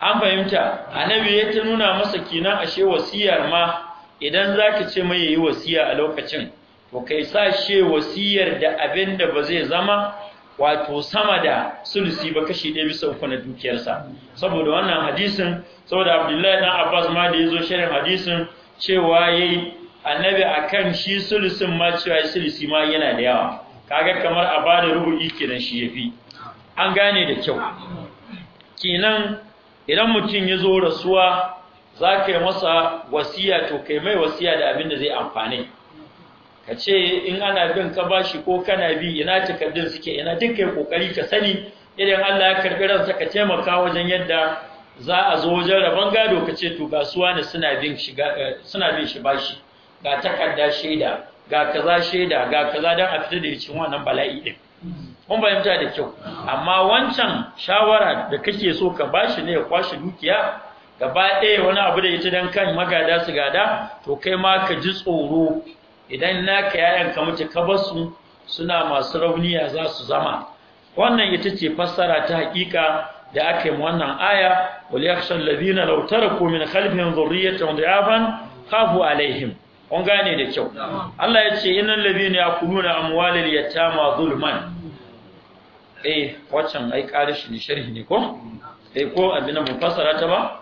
an fahimta annabi ya ta nuna masa kenan ashe wasiyar ma idan zaki ce mai yi wasiya a lokacin to kai sa sashe wasiyar da abin da ba zai zama wato sama da sulusi ba kashi ɗaya bisa uku na dukiyarsa saboda wannan hadisin saboda abdullahi dan abbas ma da ya zo shirin hadisin cewa yayi annabi akan shi sulusin ma cewa sulusi ma yana da yawa kaga kamar a bada rubu'i nan shi yafi an gane da kyau kenan idan mutum ya zo rasuwa za ka yi masa wasiya to kai mai wasiya da abin da zai amfane ka ce in ana bin ka bashi ko kana bi ina takardun suke ina duk kai kokari ka sani idan Allah ya karbi ransa ka taimaka wajen yadda za a zo wajen rabon gado ka ce to ga suwa ne suna bin eh, suna bin shi bashi ga takarda shaida ga kaza shaida ga kaza dan a fita da cikin wannan bala'i din mun fahimta da kyau amma wancan shawara da kake so ka bashi ne ya kwashi dukiya gaba ɗaya wani abu da ita dan kan magada su gada to kai ma ka ji tsoro idan naka yayan ka mutu ka basu suna masu rauniya za su zama wannan ita ce fassara ta hakika da aka yi wannan aya wal yakhshal ladina law taraku min khalfihim dhurriyatan dhiyafan khafu alaihim on gane da kyau Allah ya ce innal ladina yakuluna amwalal yatama zulman eh waccan ai karishi ne sharhi ne ko eh ko abin nan fassara ta ba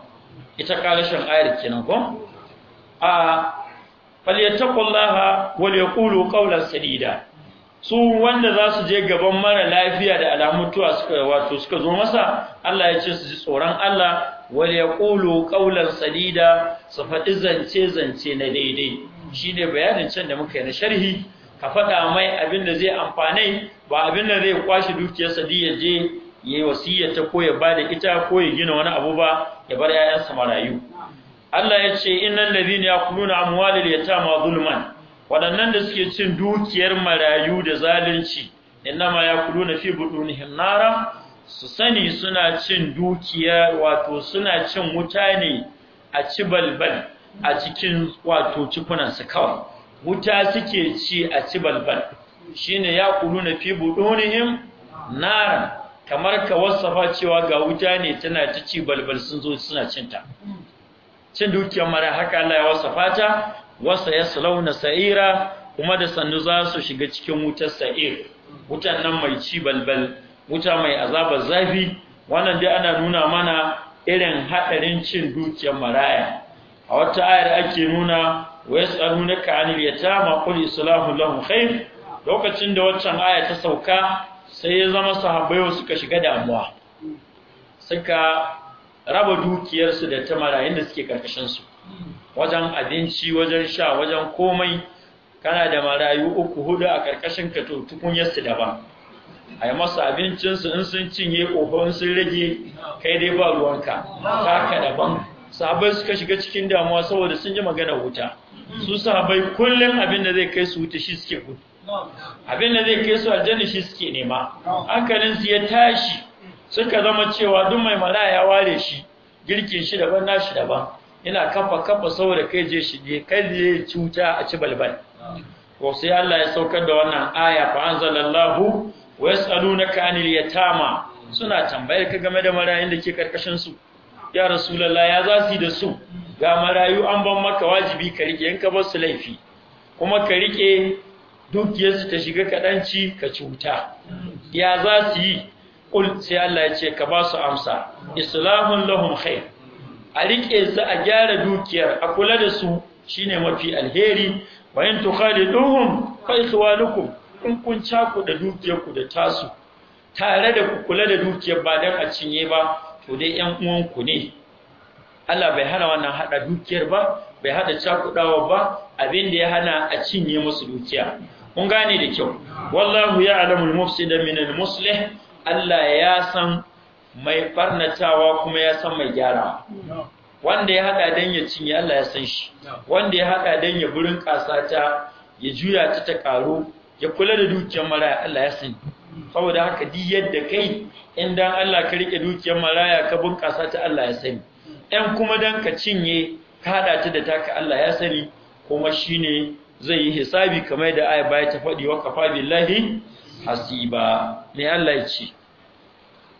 ita karishin ayar kenan ko a falyattaqullaha wal yaqulu ƙaular sadida su wanda za su je gaban mara lafiya da alamutuwa suka wato suka zo masa Allah ya ce su ji tsoron Allah wal ƙulu ƙaular sadida su faɗi zance zance na daidai Shi ne bayanin can da muka yi na sharhi ka faɗa mai abin da zai amfane ba abin da zai kwashe dukiyar sadiya je ya wasiyyata ko ya ba da ita ko ya gina wani abu ba ya bar 'ya'yansa marayu Allah ya ce innal ladhina ya amwalil ma zulman waɗannan da suke cin dukiyar marayu da zalunci innama na fi budunihim nara su sani suna cin dukiya wato suna cin wuta ne a ci balbal a cikin wato cikunansu kawai wuta suke ci a ci balbal shine na fi budunihim nara kamar ka wasafa cewa ga wuta ne tana ta ci balbal sun zo suna cinta cin dukiyar mara haka Allah ya wasa fata wasa ya na sa'ira kuma da sannu za su shiga cikin wutar sa'ir wutan nan mai ci balbal wuta mai azabar zafi wannan dai ana nuna mana irin haɗarin cin dukiyar maraya a wata ayar ake nuna wa yas'alunaka 'anil yatama qul islahu lahum khair lokacin da waccan aya ta sauka sai ya zama sahabbai suka shiga damuwa suka raba dukiyarsu da ta marayun da suke karkashinsu wajen abinci wajen sha wajen komai kana da marayu uku hudu a karkashin ka to tukunyarsu daban a yi masu abincinsu in sun cinye ƙofa in sun rage kai dai ba ruwanka taka daban sahabai suka shiga cikin damuwa saboda sun ji magana wuta su sahabai kullum abin da zai kai su wuta shi suke gudu abin da zai kai su aljanna shi suke nema hankalinsu ya tashi suka zama cewa duk mai mara ya ware shi girkin shi daban nashi daban ina kafa kafa saboda kai je shi je kai ne cuta a ci balbal ko sai Allah ya saukar da wannan aya fa anzalallahu wa yas'alunaka anil yatama suna tambayar ka game da marayun da ke karkashin su ya rasulullahi ya zasu da su ga marayu an ban maka wajibi ka rike in ka bar su laifi kuma ka rike dukiyarsu ta shiga kadanci ka cuta ya za su yi qul sai Allah ya ce ka ba su amsa islahun lahum khair a rike za a gyara dukiyar a kula da su shine mafi alheri wa in tukhaliduhum fa ikhwanukum in kun ku da dukiyar ku da tasu tare da ku kula da dukiyar ba dan a cinye ba to dai uwan uwanku ne Allah bai hana wannan hada dukiyar ba bai hada cakudawa ba abinda ya hana a cinye musu dukiya kun gane da kyau wallahu ya'lamul mufsida minal muslih Allah ya san mai barnatawa kuma ya san mai gyara, wanda ya haɗa dan ya cinye Allah ya san shi wanda ya haɗa dan ya burin ƙasa ta ya juya ta ta ƙaru ya kula da dukiyar maraya Allah ya sani mm. saboda haka di yadda kai in dan Allah ka rike dukiyar maraya ka bunƙasa ta Allah ya sani ɗan mm. kuma dan ka cinye ka haɗa ta da taka Allah ya sani kuma shine zai yi hisabi kamar da aya baya ta faɗi wa kafa billahi hasiba ne Allah ce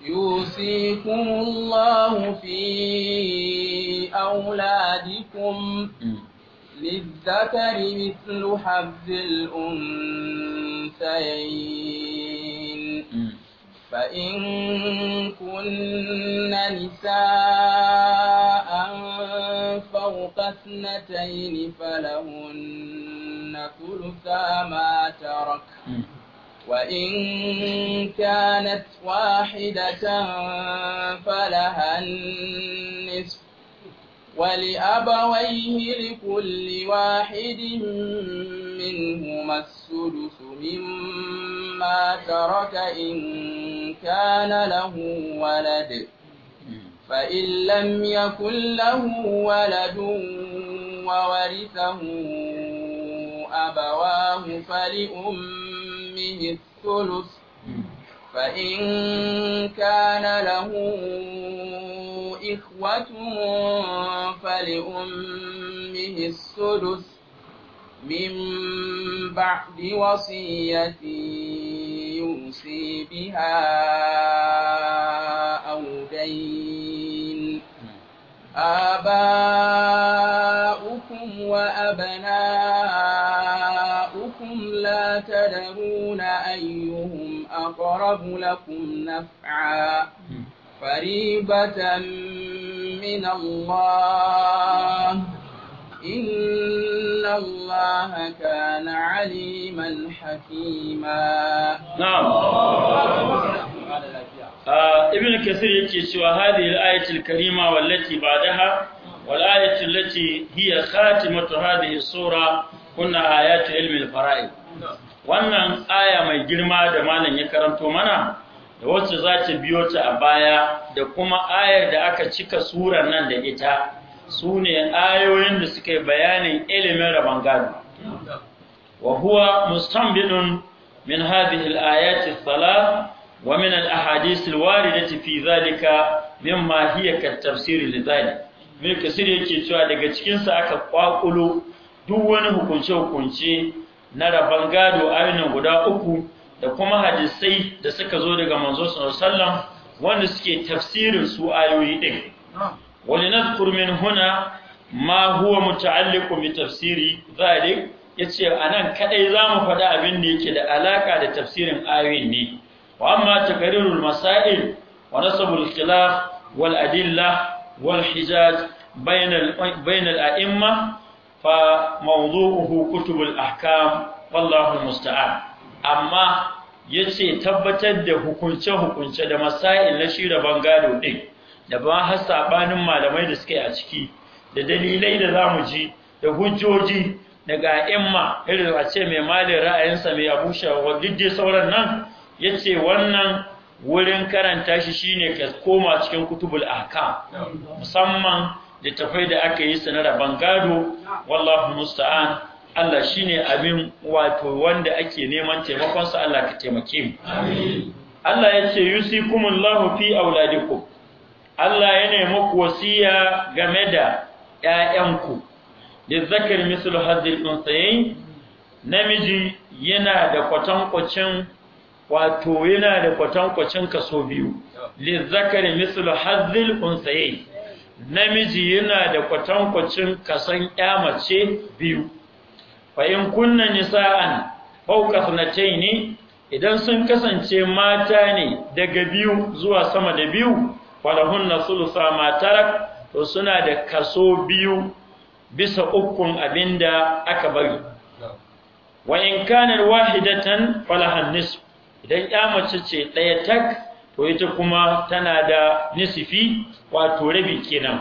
yusikun Allah fi auladikum hmm. lizakari mislu hazil unsayin hmm. fa’in kunna nisa an faukas na ta yi nifalahun na kurusa ma tarak وإن كانت واحدة فلها النصف ولأبويه لكل واحد منهما السدس مما ترك إن كان له ولد فإن لم يكن له ولد وورثه أبواه فلأمه به الثلث فإن كان له إخوة فلأمه السدس من بعد وصية يوصي بها أو دين آباؤكم وأبناؤكم تدرون أيهم أقرب لكم نفعا فريبة من الله إن الله كان عليما حكيما نعم آه، ابن كثير يتشوى هذه الآية الكريمة والتي بعدها والآية التي هي خاتمة هذه السورة كنا آيات علم الفرائض wannan aya mai girma da malam ya karanto mana da wacce za ta biyo ta a baya da kuma ayar da aka cika surar nan da ita su ne ayoyin da suka yi bayanin ilimin rabon gado wa huwa mustanbidun min hadhihi al-ayati ath wa min al-ahadith al-waridati fi min mimma hiya kat-tafsir lidhalik mai kasir yake cewa daga cikinsa aka kwakulo duk wani hukunce hukunce na rabon gado ainihin guda uku da kuma hadisai da suka zo daga manzo sallam wanda suke tafsirin su ayoyi din wani na min huna ma huwa muta'alliqu bi tafsiri zalik yace anan kadai zamu faɗa abin da yake da alaka da tafsirin ayoyin ne wa amma takrirul masail wa nasabul khilaf wal adilla wal hijaj bainal bainal a'imma فموضوعه كتب الأحكام والله المستعان أما yace tabbatar da hukunce-hukunce da masail na shira gado din da ba har sabanin malamai da suke a ciki da dalilai da zamu ji da hujjoji daga imma irin a ce mai malin ra'ayinsa mai abusha wa didde sauran nan yace wannan wurin karanta shi shine ka koma cikin kutubul ahkam musamman Da tafai da aka yi su na rabon gado wallahu musta'an Allah shine abin wato wanda ake neman taimakon sa Allah ka taimake mu Allah ya ce yusikumullahu fi auladikum Allah ya nemi ku wasiya game da ƴaƴanku zakar mislu hadhil unsayin namiji yana da kwatankwacin wato yana da kwatankwacin kaso biyu lizzakar mislu hadhil unsayin namiji yana da kwatankwacin kasan ƴa mace biyu fa in kunna nisa'an fawqa ne idan sun kasance mata ne daga biyu zuwa sama da biyu falahun na ma tarak to suna da kaso biyu bisa ukun abinda aka bari wa in wahidatan falahan nisf idan ƴa mace ce ɗaya tak to ita kuma tana da nisifi, wato rabi kenan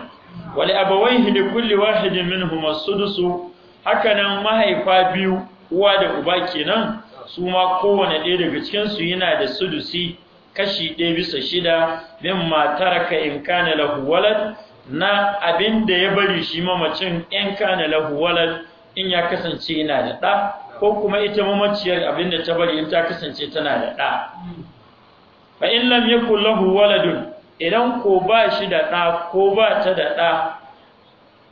wal abawaihi li kulli wahidin minhum as-sudusu hakanan mahaifa biyu uwa da uba kenan su ma kowane ɗaya daga cikin su yana da sudusi kashi ɗaya bisa shida min mataraka in kana lahu walad na abin da ya bari shi mamacin in kana lahu walad in ya kasance yana da ɗa ko kuma ita mamaciyar abin da ta bari in ta kasance tana da ɗa fa in lam yakul lahu waladun idan ko ba shi da ɗa ko ba ta da ɗa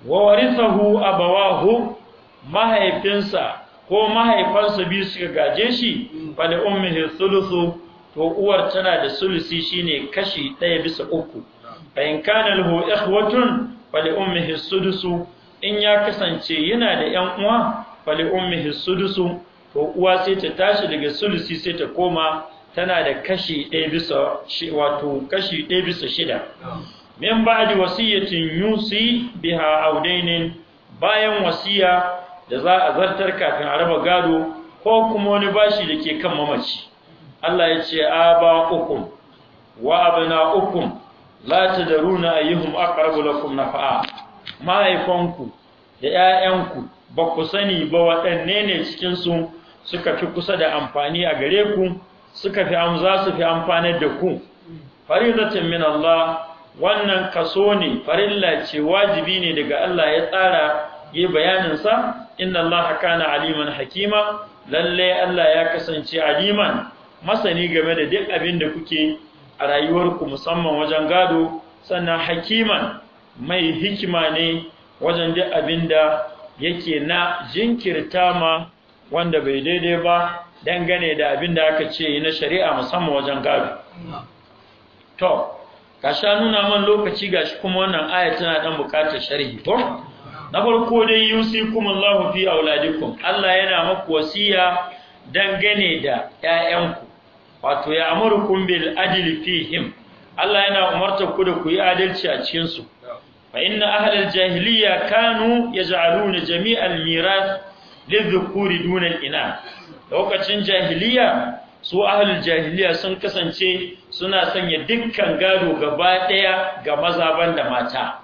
wa warisahu abawahu mahaifinsa ko mahaifansa biyu suka gaje shi fa da ummihi sulusu to uwar tana da sulusi shine kashi ɗaya bisa uku fa in kana lahu ikhwatun fa li ummihi sulusu in ya kasance yana da yan uwa fa li ummihi sulusu to uwa sai ta tashi daga sulusi sai ta koma tana da kashi ɗaya bisa wato kashi ɗaya bisa shida min ba'di wasiyatin yusi biha audainin bayan wasiya da za a zartar kafin a raba gado ko kuma wani bashi da ke kan mamaci Allah ya ce aba'ukum wa ukun, la tadruna ayyuhum aqrabu lakum fa'a. mahaifanku da 'ya'yanku ba ku sani ba waɗanne ne cikin suka fi kusa da amfani a gare ku suka fi am za su fi amfanar da ku farizatin min Allah wannan kaso ne farilla ce wajibi ne daga Allah ya tsara yi bayanin sa inna Allah kana aliman hakima lalle Allah ya kasance aliman masani game da duk abin da kuke a rayuwarku musamman wajen gado sannan hakiman mai hikima ne wajen duk abin da yake na jinkirta ma wanda bai daidai ba dangane da abin da aka ce na shari'a musamman wajen gado to ka sha nuna man lokaci gashi kuma wannan aya tana dan bukatar sharhi to na farko dai yusikumullahu fi auladikum Allah yana maku wasiya dangane da 'ya'yanku. wato ya amurkum bil adli fihim Allah yana umarta ku da ku yi adalci a cikin su fa inna ahlal jahiliya kanu yaj'aluna jami'al mirath lidhukuri duna al-inath lokacin jahiliya su ahlul jahiliya sun kasance suna sanya dukkan gado gaba daya ga maza banda mata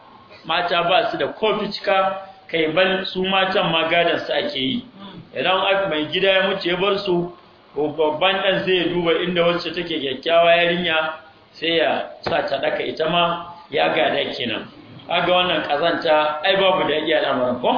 mata ba su da kofi cika kai bal su matan ma gadon su ake yi idan mai gida ya mutu ya bar su babban dan zai duba inda wacce take kyakkyawa yarinya sai ya sa ta daka ita ma ya gada kenan aga wannan kazanta ai babu da yake al'amarin ko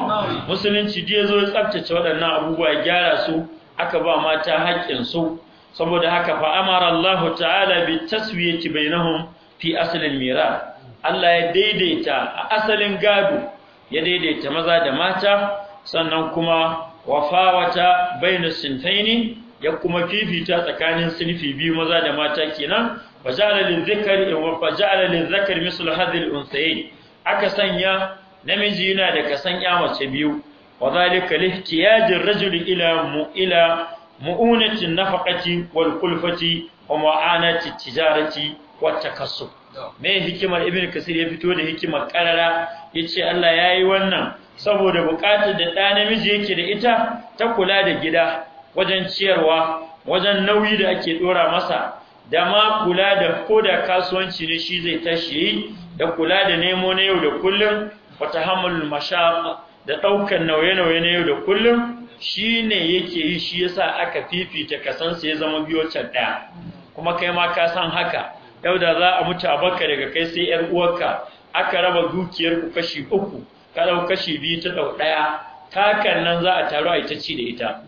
musulunci dai zo ya tsaftace waɗannan abubuwa ya gyara su aka ba mata haƙƙinsu saboda haka fa amara Allahu ta'ala bi taswiyati bainahum fi asalin mira Allah ya daidaita a asalin gado ya daidaita maza da mata sannan kuma wafawata baina sintaini ya kuma fifita tsakanin sinfi biyu maza da mata kenan faja'ala lizakari wa faja'ala lizakari mislu hadhihi al aka sanya namiji yana da kasan ya mace biyu Wazalika وذلك لاحتياج الرجل إلى إلى مؤونة wa والكلفة ومعاناة wata kasu. me hikimar ibn kasir ya fito da hikimar karara yace Allah ya yi wannan saboda bukatar da ɗa namiji yake da ita ta kula da gida wajen ciyarwa wajen nauyi da ake ɗora masa da ma kula da koda kasuwanci ne shi zai tashi da kula da nemo na yau da kullum wa tahammulul mashaqqa da ɗaukan nauye-nauye na yau da kullum shi ne yake yi shi yasa aka fifita kasansa ya zama biyo can ɗaya kuma kai ma ka san haka yau da za a mutu a baka daga kai sai ‘yar uwarka aka raba dukiyar ku kashi uku ka dau kashi biyu ta dau ɗaya takan nan za a taru a ita ci da ita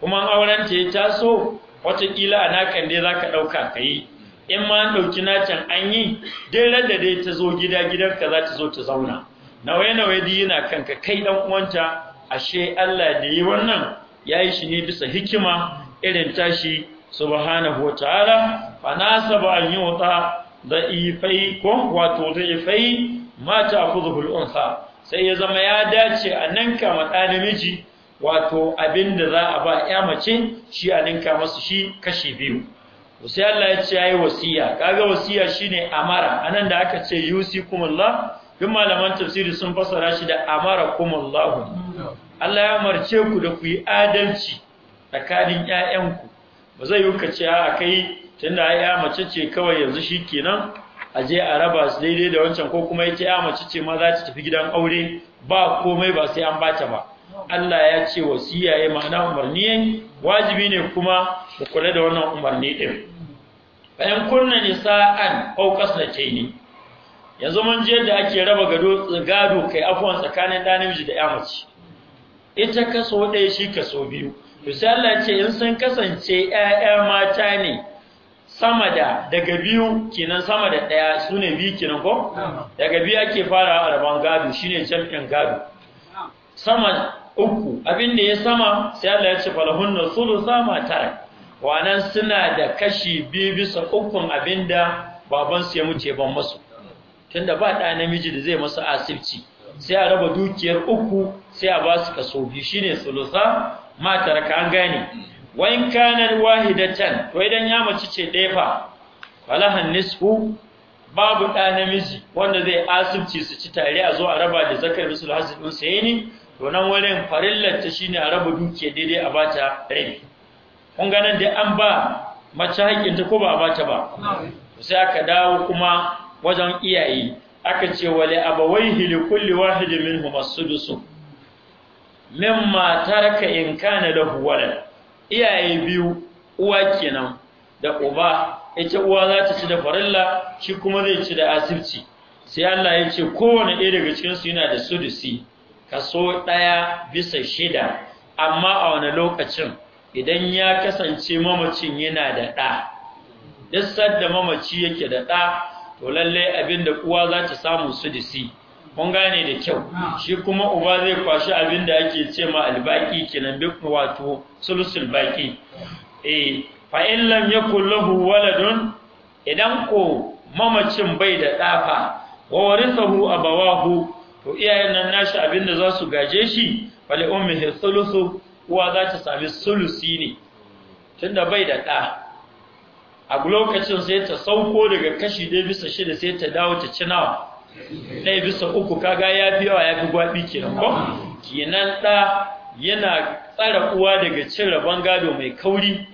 kuma auren ta ya taso watakila a nakan dai za ka ɗauka ka yi in ma an ɗauki nacan an yi dai da dai ta zo gida gidanka za ta zo ta zauna nauye-nauye di yana kanka kai dan uwanta ashe Allah da yi wannan yayi shi ne bisa hikima irin tashi subhanahu ta'ala fa nasaba an yuta da'ifai ko wato da'ifai ma ta'khudhu al-unsa sai ya zama ya dace a ninka ma ɗa namiji wato abin da za a ba ya mace shi a ninka masu shi kashi biyu sai Allah ya ce yi wasiya kaga wasiya shine amara anan da aka ce yusikumullah duk malaman tafsiri sun fassara shi da amara Kumallahu. Allah ya marce ku da ku yi adalci tsakanin ƴaƴanku ba zai yi ka ce a kai tunda ya mace ce kawai yanzu shi kenan. a je a raba su daidai da wancan ko kuma yace ya mace ce ma za ta tafi gidan aure ba komai ba sai an bata ba Allah ya ce wasiya ya ma'ana umarni wajibi ne kuma ku kula da wannan umarni din bayan kunna nisa'an au kasnataini yanzu mun ji yadda ake raba gado gado kai afwan tsakanin ɗan namiji da ya mace ita kaso ɗaya shi kaso biyu to sai Allah ya ce in sun kasance ƴaƴa mata ne sama da daga biyu kenan sama da ɗaya su biyu kenan ko daga biyu ake fara a rabon gado shine jam'in gado sama uku abin da ya sama sai Allah ya ce falahunna thulutha ma wa nan suna da kashi biyu bisa ukun abinda babansu ya muce ban masu tunda ba ɗa namiji da zai masu asibci sai a raba dukiyar uku sai a ba su kaso biyu shine sulusa ma an gane wa in kana wahidatan to idan ya mace ce ɗaya fa falahan nisfu babu ɗa namiji wanda zai asibci su ci tare a zo a raba da zakar bisul hasid din ni to nan wurin farillar ta shine a raba dukiyar daidai a bata rai kun ga da an ba mace haƙƙin ta ko ba a bata ba sai aka dawo kuma wajen iyaye aka ce wale abawai hili kulli wahidi min as Min mimma taraka in kana da walad iyaye biyu uwa kenan da uba ita uwa za ta ci da farilla shi kuma zai ci da asibci sai Allah ya ce kowane ɗaya daga cikin su yana da sudusi kaso ɗaya bisa shida amma a wani lokacin idan ya kasance mamacin yana da ɗa duk sadda mamaci yake da ɗa to lalle abinda da uwa za ta samu su da si, kun gane da kyau shi kuma uba zai kwashi abinda ake ce ma albaki kenan duk wato sulusul baki eh fa in lam yakul lahu waladun idan ko mamacin bai da dafa wa warithahu abawahu to iyayen nan nashi abinda da za su gaje shi fali ummihi sulusu uwa za ta sami sulusi ne da bai da ɗa a lokacin sai ta sauko daga kashi ɗaya bisa shida sai ta dawo ta ci nawa ɗaya bisa uku kaga ya fi yawa ya fi gwaɓi kenan ko kenan ɗa yana tsara uwa daga cin rabon gado mai kauri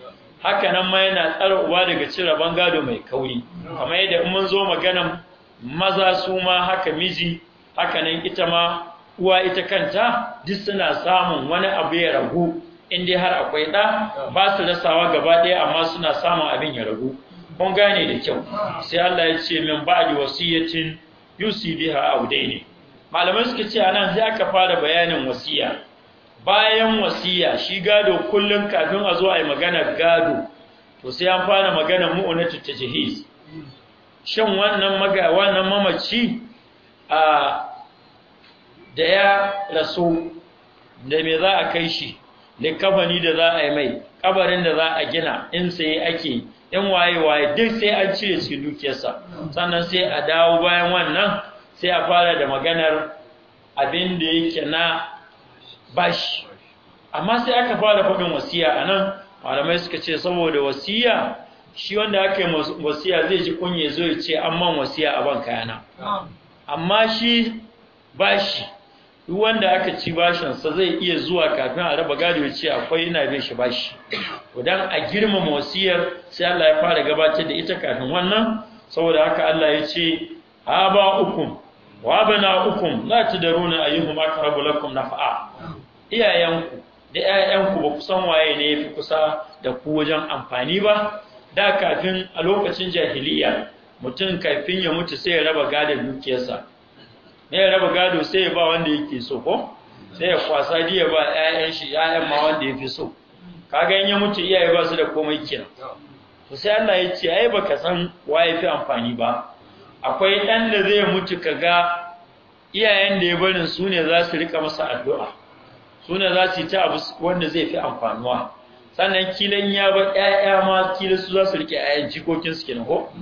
haka nan ma yana tsara uwa daga cin rabon gado mai kauri kamar yadda in mun zo maganan maza su ma haka miji haka nan ita ma uwa ita kanta duk suna samun wani abu ya ragu in dai har akwai ɗa ba su rasawa gaba ɗaya amma suna samun abin ya ragu kun gane da kyau sai Allah ya ce min ba'di wasiyatin yusi biha audaini malamai suka ce anan sai aka fara bayanin wasiya bayan wasiya shi gado kullum kafin a zo a yi magana gado to sai an fara magana mu'unatu tajhiz shin wannan maga wannan mamaci a da ya rasu da me za a kai shi kafani da za a yi mai kabarin da za a gina in sai ake in waye waye duk sai an cire cikin dukiyarsa sannan sai a dawo bayan wannan sai a fara da maganar abin da yake na bashi amma sai aka fara faɗin wasiya a nan malamai suka ce saboda wasiya shi wanda aka yi wasiya zai ji kunye zo ya ce an man wasiya a ban kayana amma shi bashi duk wanda aka ci bashin sa zai iya zuwa kafin a raba gado ya ce akwai ina bin shi bashi dan a girmama wasiyar sai Allah ya fara gabatar da ita kafin wannan saboda haka Allah ya ce ukum wa ukum la tadruna ayyuhum aqrabu lakum naf'a iyayenku da ‘ya'yanku ba kusan waye ne yafi kusa da ku wajen amfani ba, da kafin a lokacin jahiliya mutum kafin ya mutu sai ya raba gadon dukiyarsa, ne ya raba gado sai ya ba wanda yake so ko sai ya kwasa ya ba ƴaƴan shi ƴaƴan ma wanda ya so kaga in ya mutu iyaye ba su da komai kenan to sai Allah ya ce ai baka san waye fi amfani ba akwai ɗan da zai mutu kaga iyayen da ya barin su ne za su rika masa addu'a su ne za su yi ta abu wanda zai fi amfanuwa sannan kilan ya ba ƴaƴa ma kila su za su rike ƴaƴan jikokin su kenan ko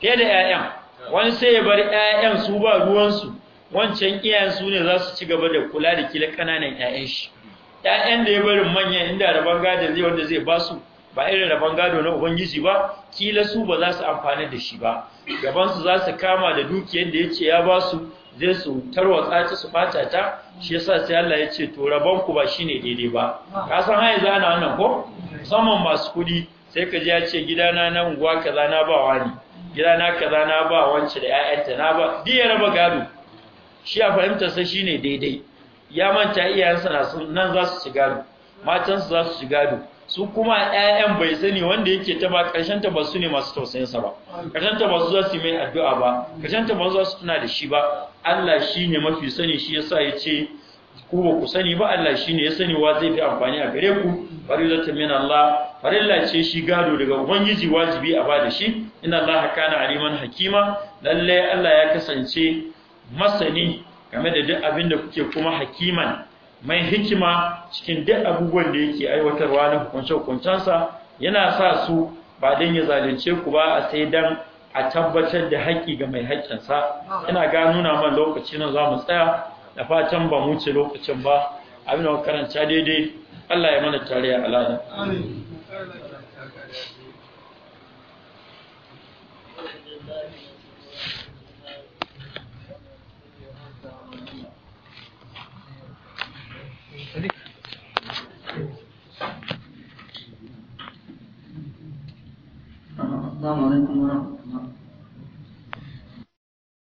fiye da ƴaƴan wani sai ya bar 'ya'yan su ba ruwansu wancan iyayen su ne za su ci gaba da kula da kila ƙananan 'ya'yan shi 'ya'yan da ya barin manyan inda rabon gadon zai wanda zai basu ba irin rabon gado na ubangiji ba kila su ba za su amfani da shi ba gabansu za su kama da dukiyar da ya ce ya basu zai su tarwa tsaci su fata ta shi yasa sai Allah ya ce to rabon ku ba shine daidai ba ka san haye na wannan ko musamman masu kuɗi sai ka ji ya ce gidana na unguwa kaza na ba wani gida na kaza na ba wance da ƴaƴanta na ba ya raba gado shi a fahimtar sa shine daidai ya manta iyayensa na nan za su ci gado su za su ci gado su kuma ƴaƴan bai sani wanda yake ta ba ƙarshen ta ba su ne masu tausayin sa ba ƙarshen ta ba su za su yi mai addu'a ba ƙarshen ta ba su za su tuna da shi ba Allah shine mafi sani shi yasa ya ce ku ba ku sani ba Allah shine ya sani wa zai fi amfani a gare ku zata min Allah farilla ce shi gado daga ubangiji wajibi a bada shi inna Allah kana aliman hakima lalle Allah ya kasance masani game da duk abin da kuke kuma hakiman mai hikima cikin duk abubuwan da yake aiwatarwa na hukunce-hukuncensa yana sa su ba don ya zalunce ku ba a sai dan a tabbatar da haƙƙi ga mai haƙƙinsa ina ga nuna man lokaci nan za mu tsaya da fatan ba mu ce lokacin ba abin da karanta daidai Allah ya mana tare a alada. 那我在工作上。